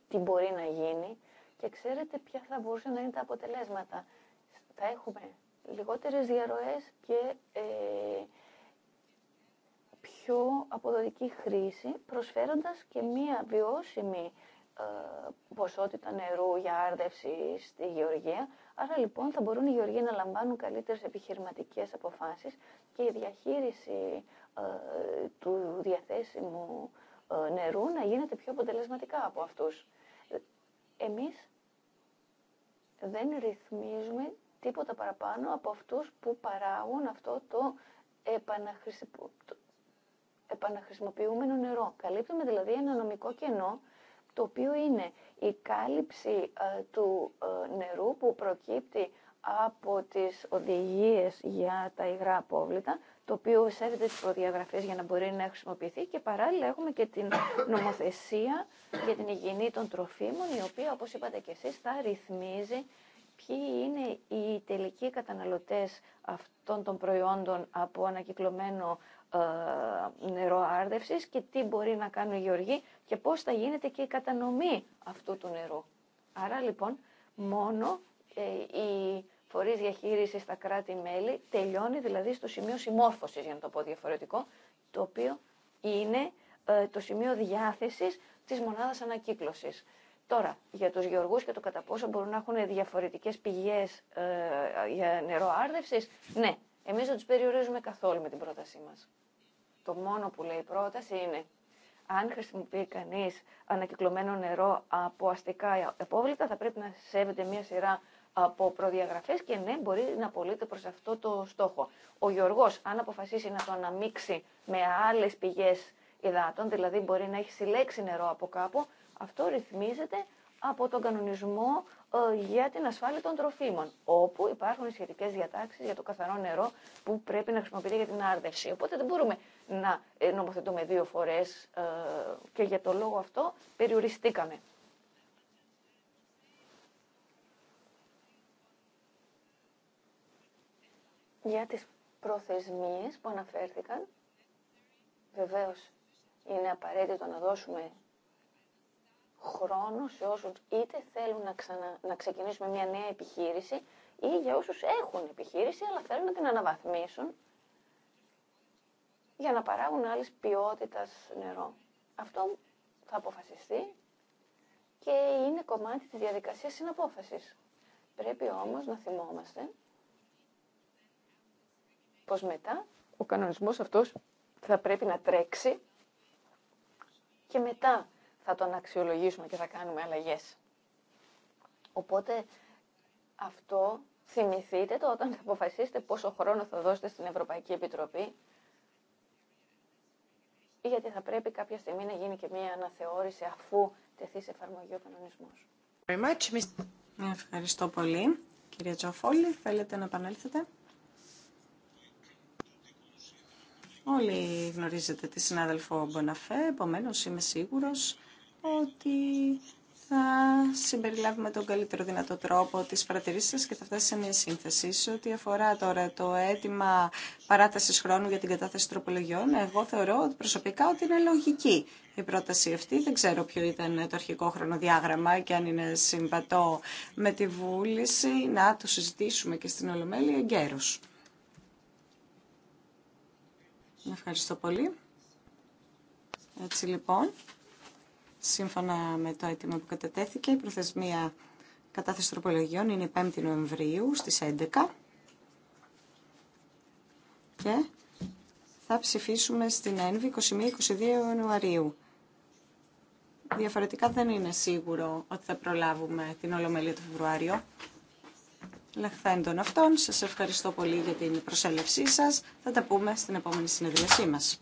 S3: τι μπορεί να γίνει και ξέρετε ποια θα μπορούσαν να είναι τα αποτελέσματα. Θα έχουμε λιγότερες διαρροές και ε, πιο αποδοτική χρήση, προσφέροντας και μία βιώσιμη ε, ποσότητα νερού για άρδευση στη γεωργία. Άρα λοιπόν θα μπορούν οι γεωργοί να λαμβάνουν καλύτερες επιχειρηματικές αποφάσεις και η διαχείριση ε, του διαθέσιμου ε, νερού να γίνεται πιο αποτελεσματικά από αυτούς. Εμείς δεν ρυθμίζουμε τίποτα παραπάνω από αυτούς που παράγουν αυτό το επαναχρησιμοποιούμενο νερό. Καλύπτουμε δηλαδή ένα νομικό κενό το οποίο είναι η κάλυψη ε, του ε, νερού που προκύπτει από τις οδηγίες για τα υγρά απόβλητα το οποίο σέβεται τις προδιαγραφές για να μπορεί να χρησιμοποιηθεί και παράλληλα έχουμε και την νομοθεσία για την υγιεινή των τροφίμων, η οποία όπως είπατε και εσείς θα ρυθμίζει ποιοι είναι οι τελικοί καταναλωτές αυτών των προϊόντων από ανακυκλωμένο ε, νερό άρδευσης και τι μπορεί να κάνουν οι γεωργοί και πώς θα γίνεται και η κατανομή αυτού του νερού. Άρα λοιπόν μόνο ε, φορεί διαχείριση στα κράτη-μέλη, τελειώνει δηλαδή στο σημείο συμμόρφωση, για να το πω διαφορετικό, το οποίο είναι ε, το σημείο διάθεση τη μονάδα ανακύκλωση. Τώρα, για τους γεωργούς και το κατά πόσο μπορούν να έχουν διαφορετικές πηγές ε, για νερό άρδευση. ναι, εμείς δεν τους περιορίζουμε καθόλου με την πρότασή μας. Το μόνο που λέει η πρόταση είναι, αν χρησιμοποιεί κανεί ανακυκλωμένο νερό από αστικά απόβλητα, θα πρέπει να σέβεται μια σειρά από προδιαγραφές και ναι, μπορεί να απολύεται προς αυτό το στόχο. Ο Γιωργός, αν αποφασίσει να το αναμίξει με άλλες πηγές υδάτων, δηλαδή μπορεί να έχει συλλέξει νερό από κάπου, αυτό ρυθμίζεται από τον κανονισμό ε, για την ασφάλεια των τροφίμων, όπου υπάρχουν σχετικές διατάξεις για το καθαρό νερό που πρέπει να χρησιμοποιείται για την άρδευση. Οπότε δεν μπορούμε να ε, νομοθετούμε δύο φορές ε, και για το λόγο αυτό περιοριστήκαμε. για τις προθεσμίες που αναφέρθηκαν. Βεβαίως είναι απαραίτητο να δώσουμε χρόνο σε όσους είτε θέλουν να, να ξεκινήσουμε μια νέα επιχείρηση ή για όσους έχουν επιχείρηση αλλά θέλουν να την αναβαθμίσουν για να παράγουν άλλες ποιότητας νερό. Αυτό θα αποφασιστεί και είναι κομμάτι της διαδικασίας συναπόφασης. Πρέπει όμως να θυμόμαστε πως μετά ο κανονισμός αυτός θα πρέπει να τρέξει και μετά θα τον αξιολογήσουμε και θα κάνουμε αλλαγές. Οπότε αυτό θυμηθείτε το όταν θα αποφασίσετε πόσο χρόνο θα δώσετε στην Ευρωπαϊκή Επιτροπή γιατί θα πρέπει κάποια στιγμή να γίνει και μία αναθεώρηση αφού τεθεί σε εφαρμογή ο κανονισμός.
S1: Ευχαριστώ πολύ. Κυρία Τζοφόλη, θέλετε να επανέλθετε. Όλοι γνωρίζετε τη συνάδελφο Μποναφέ, επομένω είμαι σίγουρο ότι θα συμπεριλάβουμε τον καλύτερο δυνατό τρόπο τι παρατηρήσει σα και θα φτάσει σε μια σύνθεση. Σε ό,τι αφορά τώρα το αίτημα παράταση χρόνου για την κατάθεση τροπολογιών, εγώ θεωρώ προσωπικά ότι είναι λογική η πρόταση αυτή. Δεν ξέρω ποιο ήταν το αρχικό χρονοδιάγραμμα και αν είναι συμβατό με τη βούληση να το συζητήσουμε και στην Ολομέλεια εγκαίρω. Ευχαριστώ πολύ. Έτσι λοιπόν, σύμφωνα με το αίτημα που κατατέθηκε, η προθεσμία κατάθεση τροπολογιών είναι 5η Νοεμβρίου στις 11 και θα ψηφίσουμε στην ΕΝΒΗ 21-22 Ιανουαρίου. Διαφορετικά δεν είναι σίγουρο ότι θα προλάβουμε την Ολομέλεια του Φεβρουάριου λαχθάιν αυτών. Σας ευχαριστώ πολύ για την προσέλευσή σας. Θα τα πούμε στην επόμενη συνεδρίασή μας.